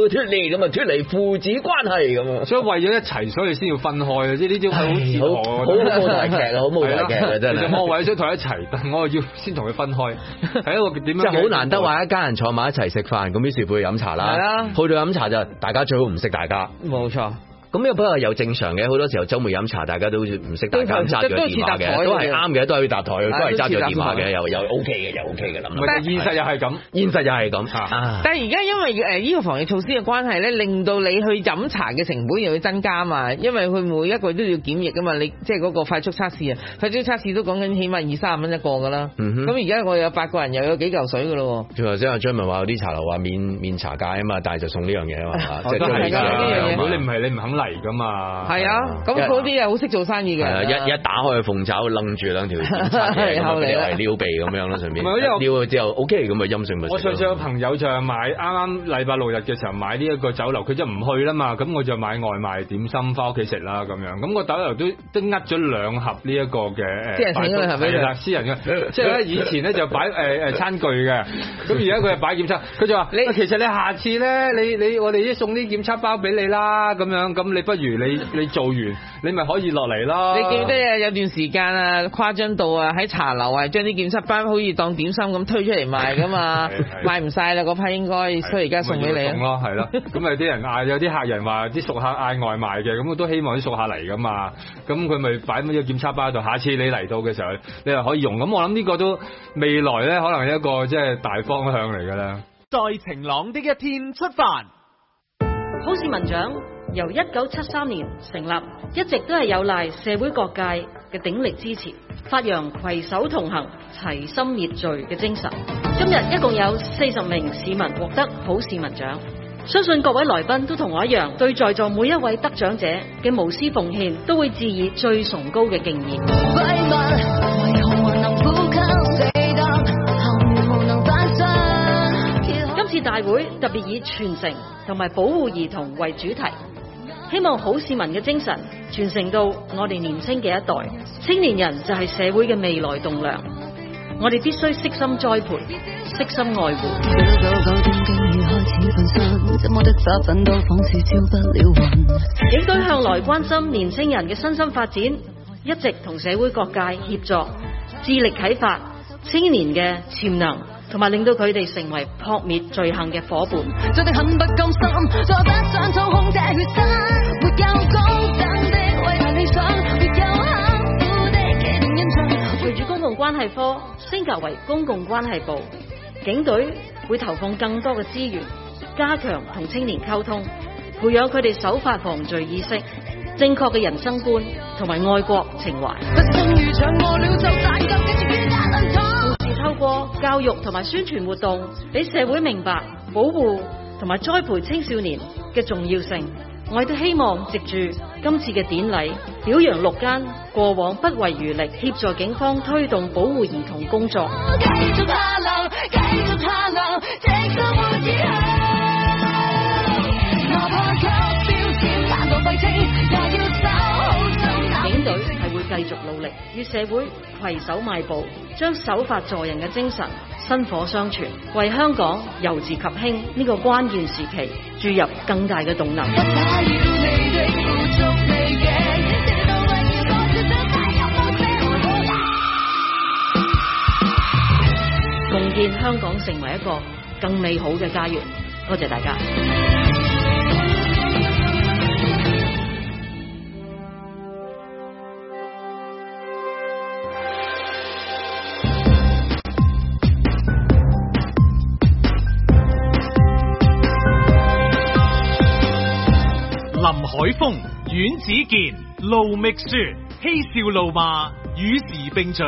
脫離咁啊，脫離父子關係咁，所以為咗一齊，所以先要分開啊！即係呢啲係好折磨，好舞台劇啊，好舞台劇啊，真係。我為咗同佢一齊，我要先同佢分開，係啊，點樣即係好難得話一家人坐埋一齊食飯，咁於是會飲茶啦，係啦，去到飲茶就大家最好唔識大家，冇錯。咁又不過又正常嘅，好多時候週末飲茶，大家都唔識大家揸住電話嘅，都係啱嘅，都係要搭台，都係揸住電話嘅，又 OK 嘅，又 OK 嘅啦。但係現實又係咁，現實又係咁。但係而家因為呢個防疫措施嘅關係咧，令到你去飲茶嘅成本又要增加啊嘛，因為佢每一個都要檢疫㗎嘛，你即係嗰個快速測試啊，快速測試都講緊起碼二三十蚊一個㗎啦。咁而家我有八個人，又有幾嚿水㗎咯喎。就話張文話有啲茶樓話免免茶介啊嘛，但係就送呢樣嘢啊嘛，係係係，係噶嘛？係啊，咁嗰啲又好識做生意嘅，一一打開個鳳爪，楞住兩條，然後嚟啦，撩鼻咁樣啦，上邊撩之後 OK 咁啊，陰性咪。我上次有朋友就買啱啱禮拜六日嘅時候買呢一個酒樓，佢就唔去啦嘛，咁我就買外賣點心翻屋企食啦咁樣，咁個酒樓都都呃咗兩盒呢一個嘅誒，係啦，私人嘅，即係咧以前咧就擺誒誒餐具嘅，咁而家佢係擺檢測，佢就話你其實你下次咧，你你我哋咧送啲檢測包俾你啦，咁樣咁。你不如你你做完，你咪可以落嚟咯。你記得啊，有段時間啊，誇張到啊，喺茶樓啊，將啲檢測包好似當點心咁推出嚟賣噶嘛，賣唔晒啦嗰批應該，應該所以而家送俾你咯。係咯 [LAUGHS] ，係咯。咁咪啲人嗌，有啲客人話啲熟客嗌外賣嘅，咁我都希望啲熟客嚟噶嘛。咁佢咪擺咗個檢測包喺度，下次你嚟到嘅時候，你又可以用。咁我諗呢個都未來咧，可能係一個即係大方向嚟噶啦。在晴朗的一天出發，好似文長。由一九七三年成立，一直都係有賴社會各界嘅鼎力支持，發揚携手同行、齊心滅罪嘅精神。今日一共有四十名市民獲得好市民獎，相信各位來賓都同我一樣，對在座每一位得獎者嘅無私奉獻都會致以最崇高嘅敬意。今次大會特別以傳承同埋保護兒童為主題。希望好市民嘅精神傳承到我哋年輕嘅一代，青年人就係社會嘅未來棟樑，我哋必須悉心栽培，悉心愛護。應該向來關心年青人嘅身心發展，一直同社會各界協作，致力啟發青年嘅潛能。同埋令到佢哋成為撲滅罪行嘅伙伴。不心，的血隨住公共關係科升格為公共關係部，警隊會投放更多嘅資源，加強同青年溝通，培養佢哋守法防罪意識、正確嘅人生觀同埋愛國情懷。透過教育同埋宣傳活動，俾社會明白保護同埋栽培青少年嘅重要性。我哋都希望藉住今次嘅典禮，表揚六間過往不遺餘力協助警方推動保護兒童工作。社會攜手邁步，將守法助人嘅精神薪火相傳，為香港由治及興呢個關鍵時期注入更大嘅動能。 [MUSIC] 共建香港成為一個更美好嘅家園。多謝大家。海風，阮子健、盧覓雪、嬉笑怒罵，與時並取，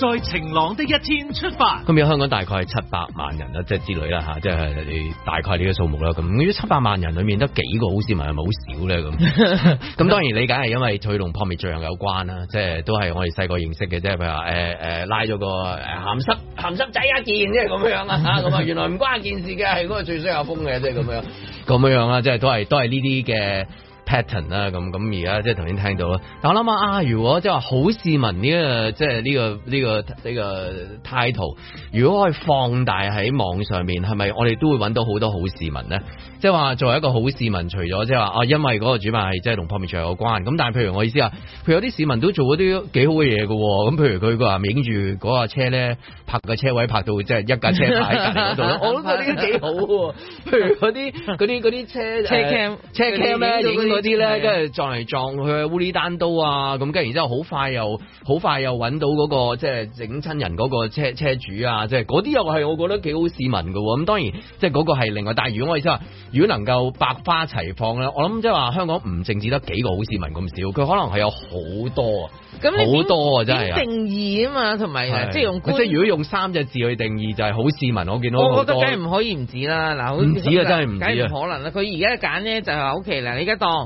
在晴朗的一天出發。今日香港大概係七百萬人啦，即係之類啦吓，即係你大概呢個數目啦。咁咁，七百萬人裏面得幾個好市民係咪好少咧？咁咁，當然理解係因為佢同撲滅罪行有關啦，即係都係我哋細個認識嘅，即係譬如話誒誒拉咗個鹹濕鹹濕仔一件啫咁樣啊，咁啊 [LAUGHS] 原來唔關件事嘅，係嗰個最衰阿風嘅，即係咁樣，咁 [LAUGHS] 樣樣啦，即係都係都係呢啲嘅。pattern 啦，咁咁而家即係頭先聽到啦。但我諗下啊，如果即係話好市民呢個即係呢個呢個呢個 title，如果可以放大喺網上面，係咪我哋都會揾到好多好市民咧？即係話作為一個好市民，除咗即係話啊，因為嗰個主辦係即係同 performance 有關，咁但係譬如我意思啊，譬如有啲市民都做嗰啲幾好嘅嘢嘅喎，咁譬如佢話影住嗰架車咧，拍個車位拍到即係、就是、一架車擺喺度我諗覺呢啲幾好喎。 [LAUGHS] 譬如嗰啲嗰啲啲車車 cam 鏡車 cam 鏡 嗰啲咧，跟住撞嚟撞去，烏利單刀啊，咁跟住然之後好快又好快又揾到嗰個即係整親人嗰個車車主啊，即係嗰啲又係我覺得幾好市民噶。咁當然即係嗰個係另外，但係如果我意思話，如果能夠百花齊放咧，我諗即係話香港唔淨止得幾個好市民咁少，佢可能係有好多啊，好多啊，真係定義啊嘛，同埋是即係用，即係如果用三隻字去定義就係好市民。我見到我覺得梗係唔可以唔止啦，嗱，唔止啊，真係唔止可能啦。佢而家揀咧就係 OK 啦，你而家當。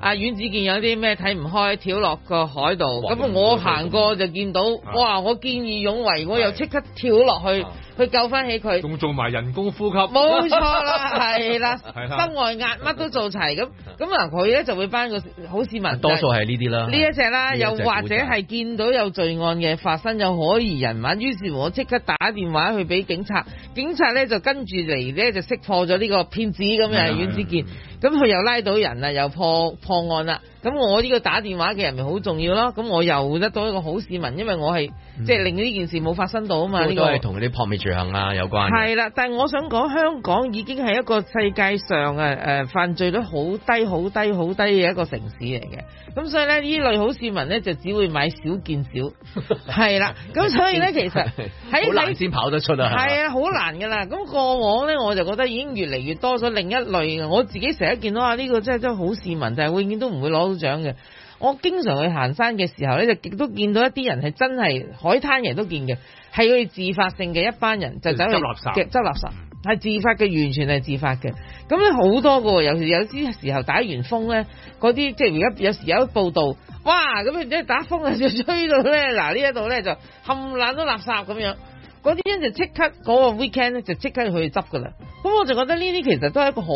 阿阮子健有啲咩睇唔開，跳落個海度，咁我行過就見到，哇！我見義勇為，我又即刻跳落去去救翻起佢，仲做埋人工呼吸，冇錯啦，係啦，心外壓乜都做齊，咁咁啊佢咧就會扮個好市民，多數係呢啲啦，呢一隻啦，又或者係見到有罪案嘅發生，有可疑人物，於是我即刻打電話去俾警察，警察咧就跟住嚟咧就識破咗呢個騙子咁啊，阮子健，咁佢又拉到人啊，又破。破案啦，啊！咁我呢個打電話嘅人咪好重要咯，咁我又得到一個好市民，因為我係即係令呢件事冇發生到啊嘛。呢、嗯、個都係同啲撲滅罪行啊有關。係啦，但係我想講香港已經係一個世界上啊誒、呃、犯罪率好低、好低、好低嘅一個城市嚟嘅。咁所以呢，呢類好市民呢，就只會買少見少，係啦。 [LAUGHS] 咁所以呢， [LAUGHS] 其實喺好難先跑得出啊。係啊的，好的難噶啦。咁過往呢，我就覺得已經越嚟越多咗另一類我自己成日見到啊呢、這個真係真係好市民，就係永遠都唔會攞。長嘅，我經常去行山嘅時候咧，就亦都見到一啲人係真係海灘人都見嘅，係佢哋自發性嘅一班人就走去執垃圾，係自發嘅，完全係自發嘅。咁咧好多嘅，有時有啲時候打完風咧，嗰啲即係而家有時候有報道，哇！咁即係打風啊，就吹到咧，嗱呢一度咧就冚爛都垃圾咁樣，嗰啲人就即刻嗰，嗰個 weekend 咧就即刻去執噶啦。咁我就覺得呢啲其實都係一個好，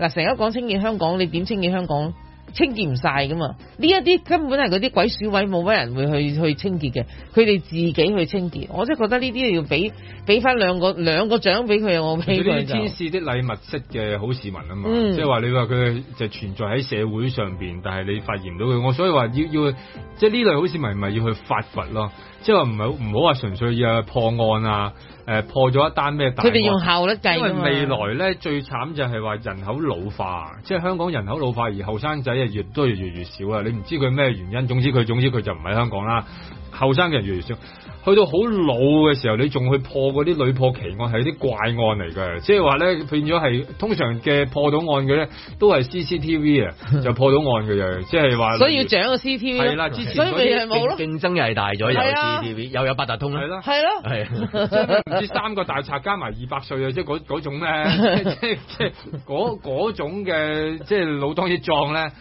嗱，成日講清潔香港，你點清潔香港？清潔唔晒噶嘛？呢一啲根本係嗰啲鬼鼠位，冇乜人會去去清潔嘅，佢哋自己去清潔。我真係覺得呢啲要俾俾翻，兩個兩個獎俾佢啊！我佢所以天使啲禮物式嘅好市民啊嘛，即係話你話佢就存在喺社會上邊，但係你發現唔到佢。我所以話要要，即係呢類好市民咪要去發掘咯。即係話唔好唔好話純粹啊破案啊，呃、破咗一單咩大案？佢哋用效率計。因為未來咧最慘就係話人口老化，即係香港人口老化而後生仔啊越都越越少啊。你唔知佢咩原因，總之佢總之佢就唔喺香港啦。後生嘅人越嚟越少。去到好老嘅時候，你仲去破嗰啲女破奇案，係啲怪案嚟嘅。即係話咧，變咗係通常嘅破到案嘅咧，都係 CCTV 啊，就破到案嘅啫。即係話，所以要整個 CCTV。係啦，之前所以未係競爭又係大咗，又 CCTV 又有八達通。係啦係咯，係。唔知三個大賊加埋二百歲啊！即係嗰種咧，即係即係嗰種嘅，即、就、係、是、老當益壯咧。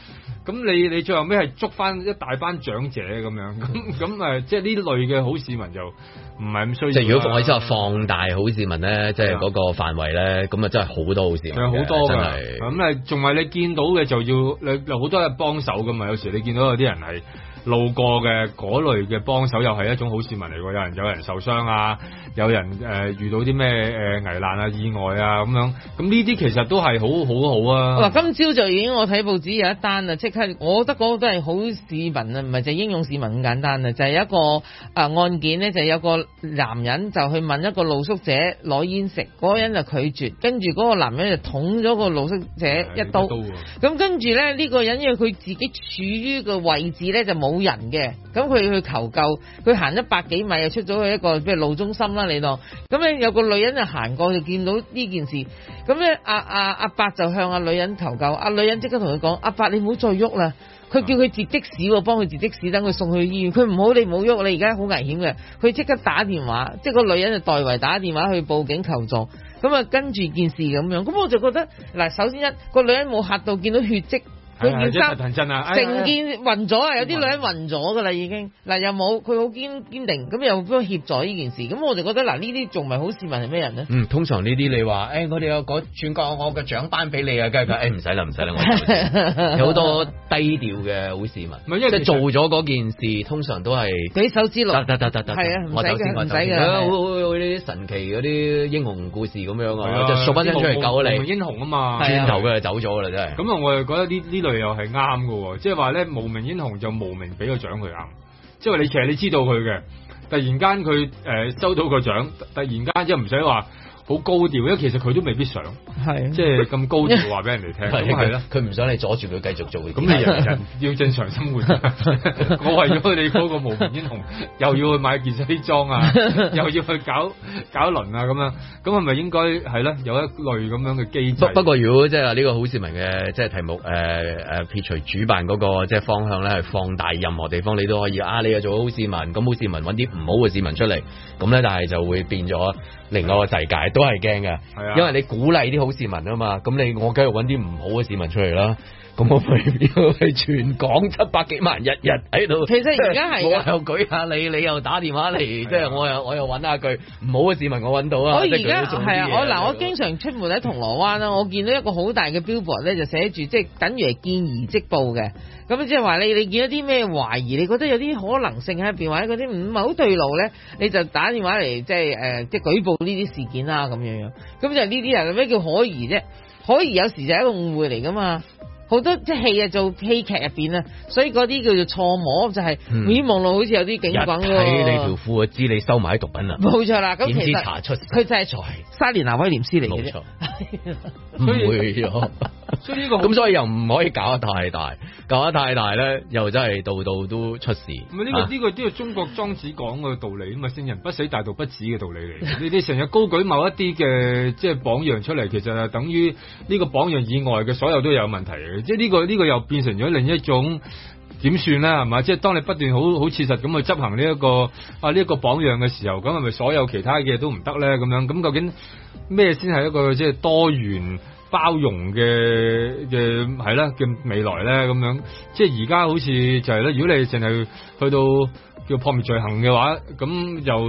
咁你你最後尾係捉翻一大班長者咁樣，咁咁誒即係呢類嘅好市民就唔係咁需要。即係如果放喺之後放大好市民咧，即係嗰個範圍咧，咁啊真係好多好市民。係好多嘅，咁誒仲係你見到嘅就要，你有好多人幫手噶嘛。有時你見到有啲人係，路過嘅嗰類嘅幫手又係一種好市民嚟喎，有人有人受傷啊，有人誒、呃、遇到啲咩誒危難啊意外啊咁樣，咁呢啲其實都係好好好啊。嗱，今朝就已經我睇報紙有一單啊，即刻，我覺得嗰個都係好市民啊，唔係就係英勇市民咁簡單啊，就係、係、一個誒、呃、案件咧，就係、有個男人就去問一個露宿者攞煙食，個人就拒絕，跟住個男人就捅咗個露宿者一刀，咁跟住咧呢、呢個人因為佢自己處於個位置咧就冇。冇人嘅，咁佢去求救，佢行一百幾米又出咗去一個咩路中心啦，你當，咁咧有個女人就行過，就見到呢件事，咁咧阿阿阿伯就向阿女人求救，阿女人即刻同佢講，阿伯你唔好再喐啦，佢叫佢截的士，幫佢截的士等佢送去醫院，佢唔好你唔好喐你而家好危險嘅，佢即刻打電話，即個女人就代為打電話去報警求助，咁啊跟住件事咁樣，咁我就覺得嗱，首先一個女人冇嚇到，見到血跡。佢二三成件暈咗啊，有啲女人暈咗噶啦，已經嗱又冇，佢好堅堅定，咁又幫協助呢件事，咁我就覺得嗱呢啲仲唔係好市民係咩人呢？嗯，通常呢啲你話誒，我哋有嗰轉個我嘅獎盃俾你啊，梗係啦，唔使啦唔使啦，有好多低調嘅好市民，因為做咗嗰件事，通常都係舉手之勞，係啊，唔使嘅唔使嘅，會會啲神奇嗰啲英雄故事咁樣啊，就縮翻出嚟救你英雄啊嘛，轉頭佢就走咗啦，真係。咁啊，我又覺得呢呢。類又係啱嘅，即係話咧無名英雄就無名俾個獎佢啊，即係話你其實你知道佢嘅，突然間佢誒收到個獎，突然間即係唔使話。好高調，因為其實佢都未必想，係即係咁高調話俾人哋聽。咁係啦，佢唔想你阻住佢繼續做，咁你又要正常生活。我為咗你嗰個無名英雄，又要去買件西裝啊，又要去搞搞輪啊咁樣，咁係咪應該係啦？有一類咁樣嘅機制。不不過如果即係話呢個好市民嘅即係題目，誒誒撇除主辦嗰個即係方向咧，係放大任何地方，你都可以啊！你啊做好市民，咁好市民揾啲唔好嘅市民出嚟，咁咧，但係就會變咗另外一個世界。都係驚噶，的因為你鼓勵啲好市民啊嘛，咁你我梗係揾啲唔好嘅市民出嚟啦。咁我去全港七百幾萬日日喺度。其實而家係我又舉下你，你又打電話嚟，即係是的 我又我又搵下佢唔好嘅市民，我搵到啊！我而家係啊，我嗱是的 我經常出門喺銅鑼灣啦，我見到一個好大嘅標牌咧，就寫住即係等於見疑即報嘅。咁即係話你你見到啲咩懷疑，你覺得有啲可能性喺入邊，或者嗰啲唔係好對路咧，你就打電話嚟即係誒即係舉報呢啲事件啦咁樣樣。咁就係呢啲人咩叫可疑啫？可疑有時就係一個誤會嚟噶嘛～好多即係戲啊，做戲劇入邊啊，所以嗰啲叫做錯摸就係美望路好似有啲警棍喎。一睇你條褲啊，知你收埋毒品啊，冇錯啦，咁其查出佢就係係沙蓮娜威廉斯嚟嘅啫。唔錯 [LAUGHS] 會咗。 [LAUGHS] 所以呢個咁，所以又唔可以搞得太大，搞得太大咧，又真係度度都出事。咁呢、啊呢個呢、呢個呢、呢個中國莊子講嘅道理啊嘛，聖人不死，大道不止嘅道理嚟。 [LAUGHS] 你哋成日高舉某一啲嘅即係榜樣出嚟，其實係等於呢個榜樣以外嘅所有都有問題嘅。即係、呢個、呢個呢、呢個又變成咗另一種點算咧，係嘛？即係當你不斷好好切實咁去執行呢、呢、一個啊呢一、呢個榜樣嘅時候，咁係咪所有其他嘅都唔得咧？咁樣咁究竟咩先係一個即係多元？包容嘅嘅係啦嘅未來咧咁樣，即係而家好似就係、是、咧，如果你淨係去到。叫撲滅罪行嘅話，咁又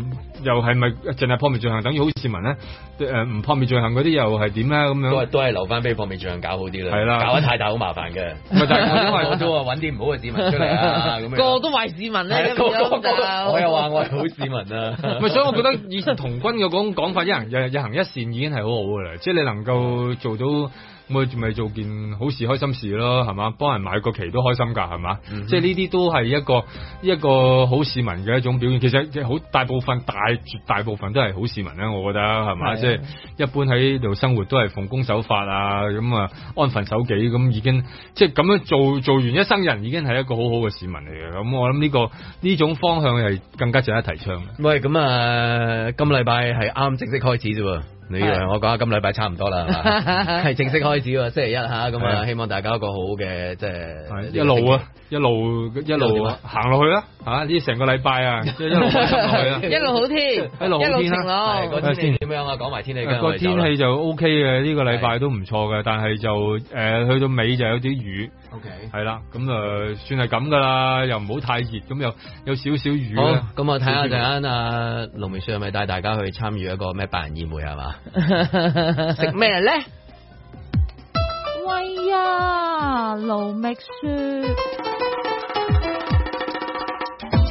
又係咪淨係撲滅罪行等於好市民咧？誒，唔撲滅罪行嗰啲又係點咧？咁樣都係留翻俾撲滅罪行搞好啲啦。係啦，搞得太大好麻煩嘅。咪大家都話都揾啲唔好嘅市民出嚟啊！咁 [LAUGHS] 個都壞市民咧，咁、 [LAUGHS] 啊、我又話我係好市民啊。所以我覺得以前童軍嘅嗰種講法，一行日行一善已經係好好嘅啦。即、就、係、是、你能夠做到。咪咪做件好事開心事咯，係嘛？幫人買個旗都開心噶，係嘛？即係呢啲都係一個一個好市民嘅一種表現。其實即係好大部分大絕大部分都係好市民啦，我覺得係嘛？即係、啊、一般喺度生活都係奉公守法啊，咁、嗯、啊安分守己咁、嗯、已經即係咁樣做做完一生人，已經係一個好好嘅市民嚟嘅。咁、嗯、我諗呢、這個呢種方向係更加值得提倡。喂，咁啊、呃，今禮拜係啱正式開始啫。你以為我講下今禮拜差唔多啦，係嘛？係正式開始喎，星期一下咁啊，希望大家一個好嘅，即係一路啊，一路一路行落去啦，吓呢成個禮拜啊，一路行落去啊，一路好天，一路晴朗。嗰天點樣啊？講埋天氣嘅。個天氣就 OK 嘅，呢個禮拜都唔錯嘅，但係就誒去到尾就有啲雨。OK，係啦，咁啊算係咁噶啦，又唔好太熱，咁又有少少雨。咁啊睇下陣間啊，龍明雪係咪帶大家去參與一個咩百人宴會係嘛？食咩咧？ [LAUGHS] 呢喂呀，盧覓雪。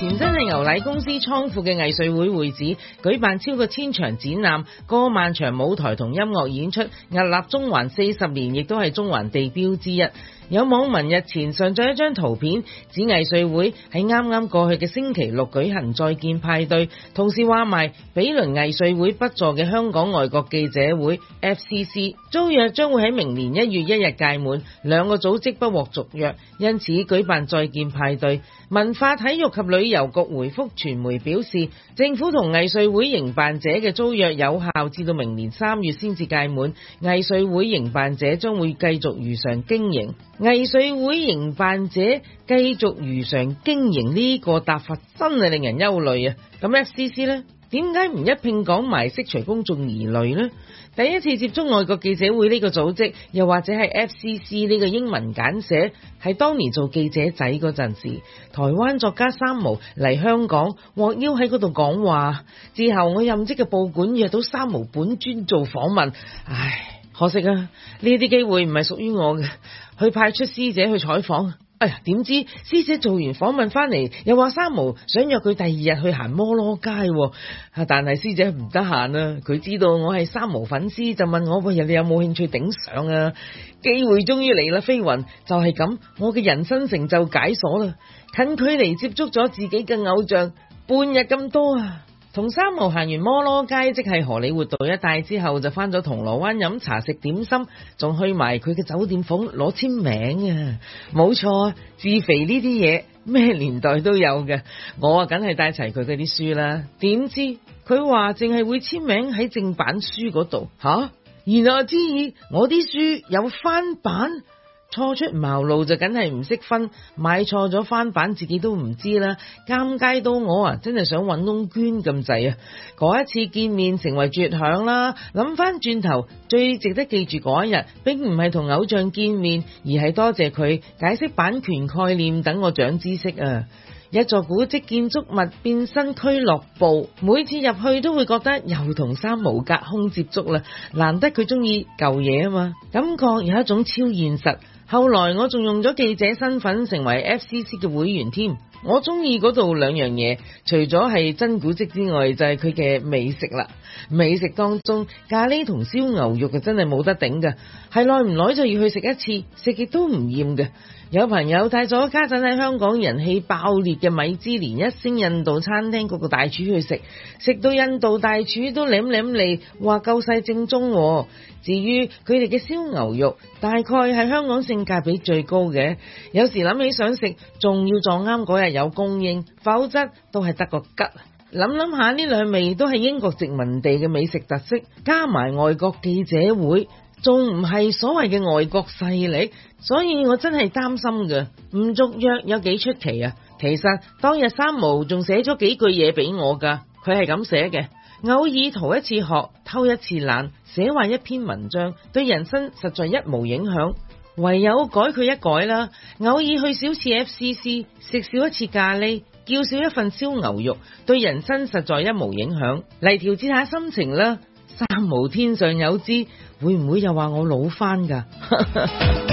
前身係牛奶公司倉庫嘅藝穗會會址，舉辦超過千場展覽、過萬場舞台同音樂演出，屹立中環四十年，亦都係中環地標之一。有網民日前上載一張圖片，指藝穗會喺啱啱過去嘅星期六舉行再見派對，同時話埋比鄰藝穗會北座嘅香港外國記者會 （FCC） 租約將會喺明年一月一日屆滿，兩個組織不獲續約，因此舉辦再見派對。文化體育及旅遊局，局回覆傳媒表示，政府同藝穗會營辦者嘅租約有效至到明年三月先至屆滿，藝穗會營辦者將會繼續如常經營。藝穗會營辦者繼續如常經營呢個答法，真係令人憂慮啊！咁 F C C 呢，點解唔一併講埋釋除公眾疑慮呢？第一次接觸外國記者會呢個組織，又或者係 FCC 呢個英文簡寫，係當年做記者仔嗰陣時，台灣作家三毛嚟香港，獲邀喺嗰度講話。之後我任職嘅報館約到三毛本尊做訪問，唉，可惜啊，呢啲機會唔係屬於我嘅，去派出師姐去採訪。點知、哎、師姐做完訪問翻嚟，又話三毛想約佢第二日去行摩羅街，但係師姐唔得閒啊，佢知道我係三毛粉絲，就問我嗰日，你有冇興趣頂上啊？機會終於嚟啦，飛雲就係、是、咁，我嘅人生成就解鎖啦，近距離接觸咗自己嘅偶像，半日咁多啊！同三毛行完摩羅街，即係荷里活道一帶之後，就翻咗銅鑼灣飲茶食點心，仲去埋佢嘅酒店房攞簽名啊！冇錯，自肥呢啲嘢咩年代都有嘅，我啊梗係帶齊佢嗰啲書啦。點知佢話淨係會簽名喺正版書嗰度吓，言外之意我啲書有翻版。初出茅廬就梗係唔識分，買錯咗翻版自己都唔知啦，尷尬到我啊！真係想搵窿捐咁滯啊！嗰一次見面成為絕響啦。諗翻轉頭，最值得記住嗰一日，並唔係同偶像見面，而係多謝佢解釋版權概念，等我長知識啊！一座古蹟建築物變身俱樂部，每次入去都會覺得又同三毛隔空接觸啦。難得佢中意舊嘢啊嘛，感覺有一種超現實。後來我仲用咗記者身份成為 FCC 嘅會員添，我鍾意嗰度兩樣嘢，除咗係真古蹟之外，就係佢嘅美食啦。美食當中咖喱同燒牛肉就真係冇得頂㗎。係耐唔耐就要去食一次，食極都唔厭嘅。有朋友帶咗家陣喺香港人氣爆裂嘅米芝蓮一星印度餐廳嗰個大廚去食，食到印度大廚都舐舐脷話夠晒正宗喎。至於佢哋嘅燒牛肉，大概係香港性價比最高嘅。有時諗起想食，仲要撞啱嗰日有供應，否則都係得個吉。諗諗下呢兩味都係英國殖民地嘅美食特色，加埋外國記者會，仲唔係所謂嘅外國勢力，所以我真係擔心嘅，唔續約有幾出奇啊！其實當日三毛仲寫咗幾句嘢俾我噶，佢係咁寫嘅：偶爾逃一次學，偷一次懶，寫壞一篇文章，對人生實在一無影響；唯有改佢一改啦，偶爾去少次 FCC，食少一次咖喱，叫少一份燒牛肉，對人生實在一無影響，嚟調節下心情啦。三毛天上有知。會唔會又話我老翻噶？ [LAUGHS]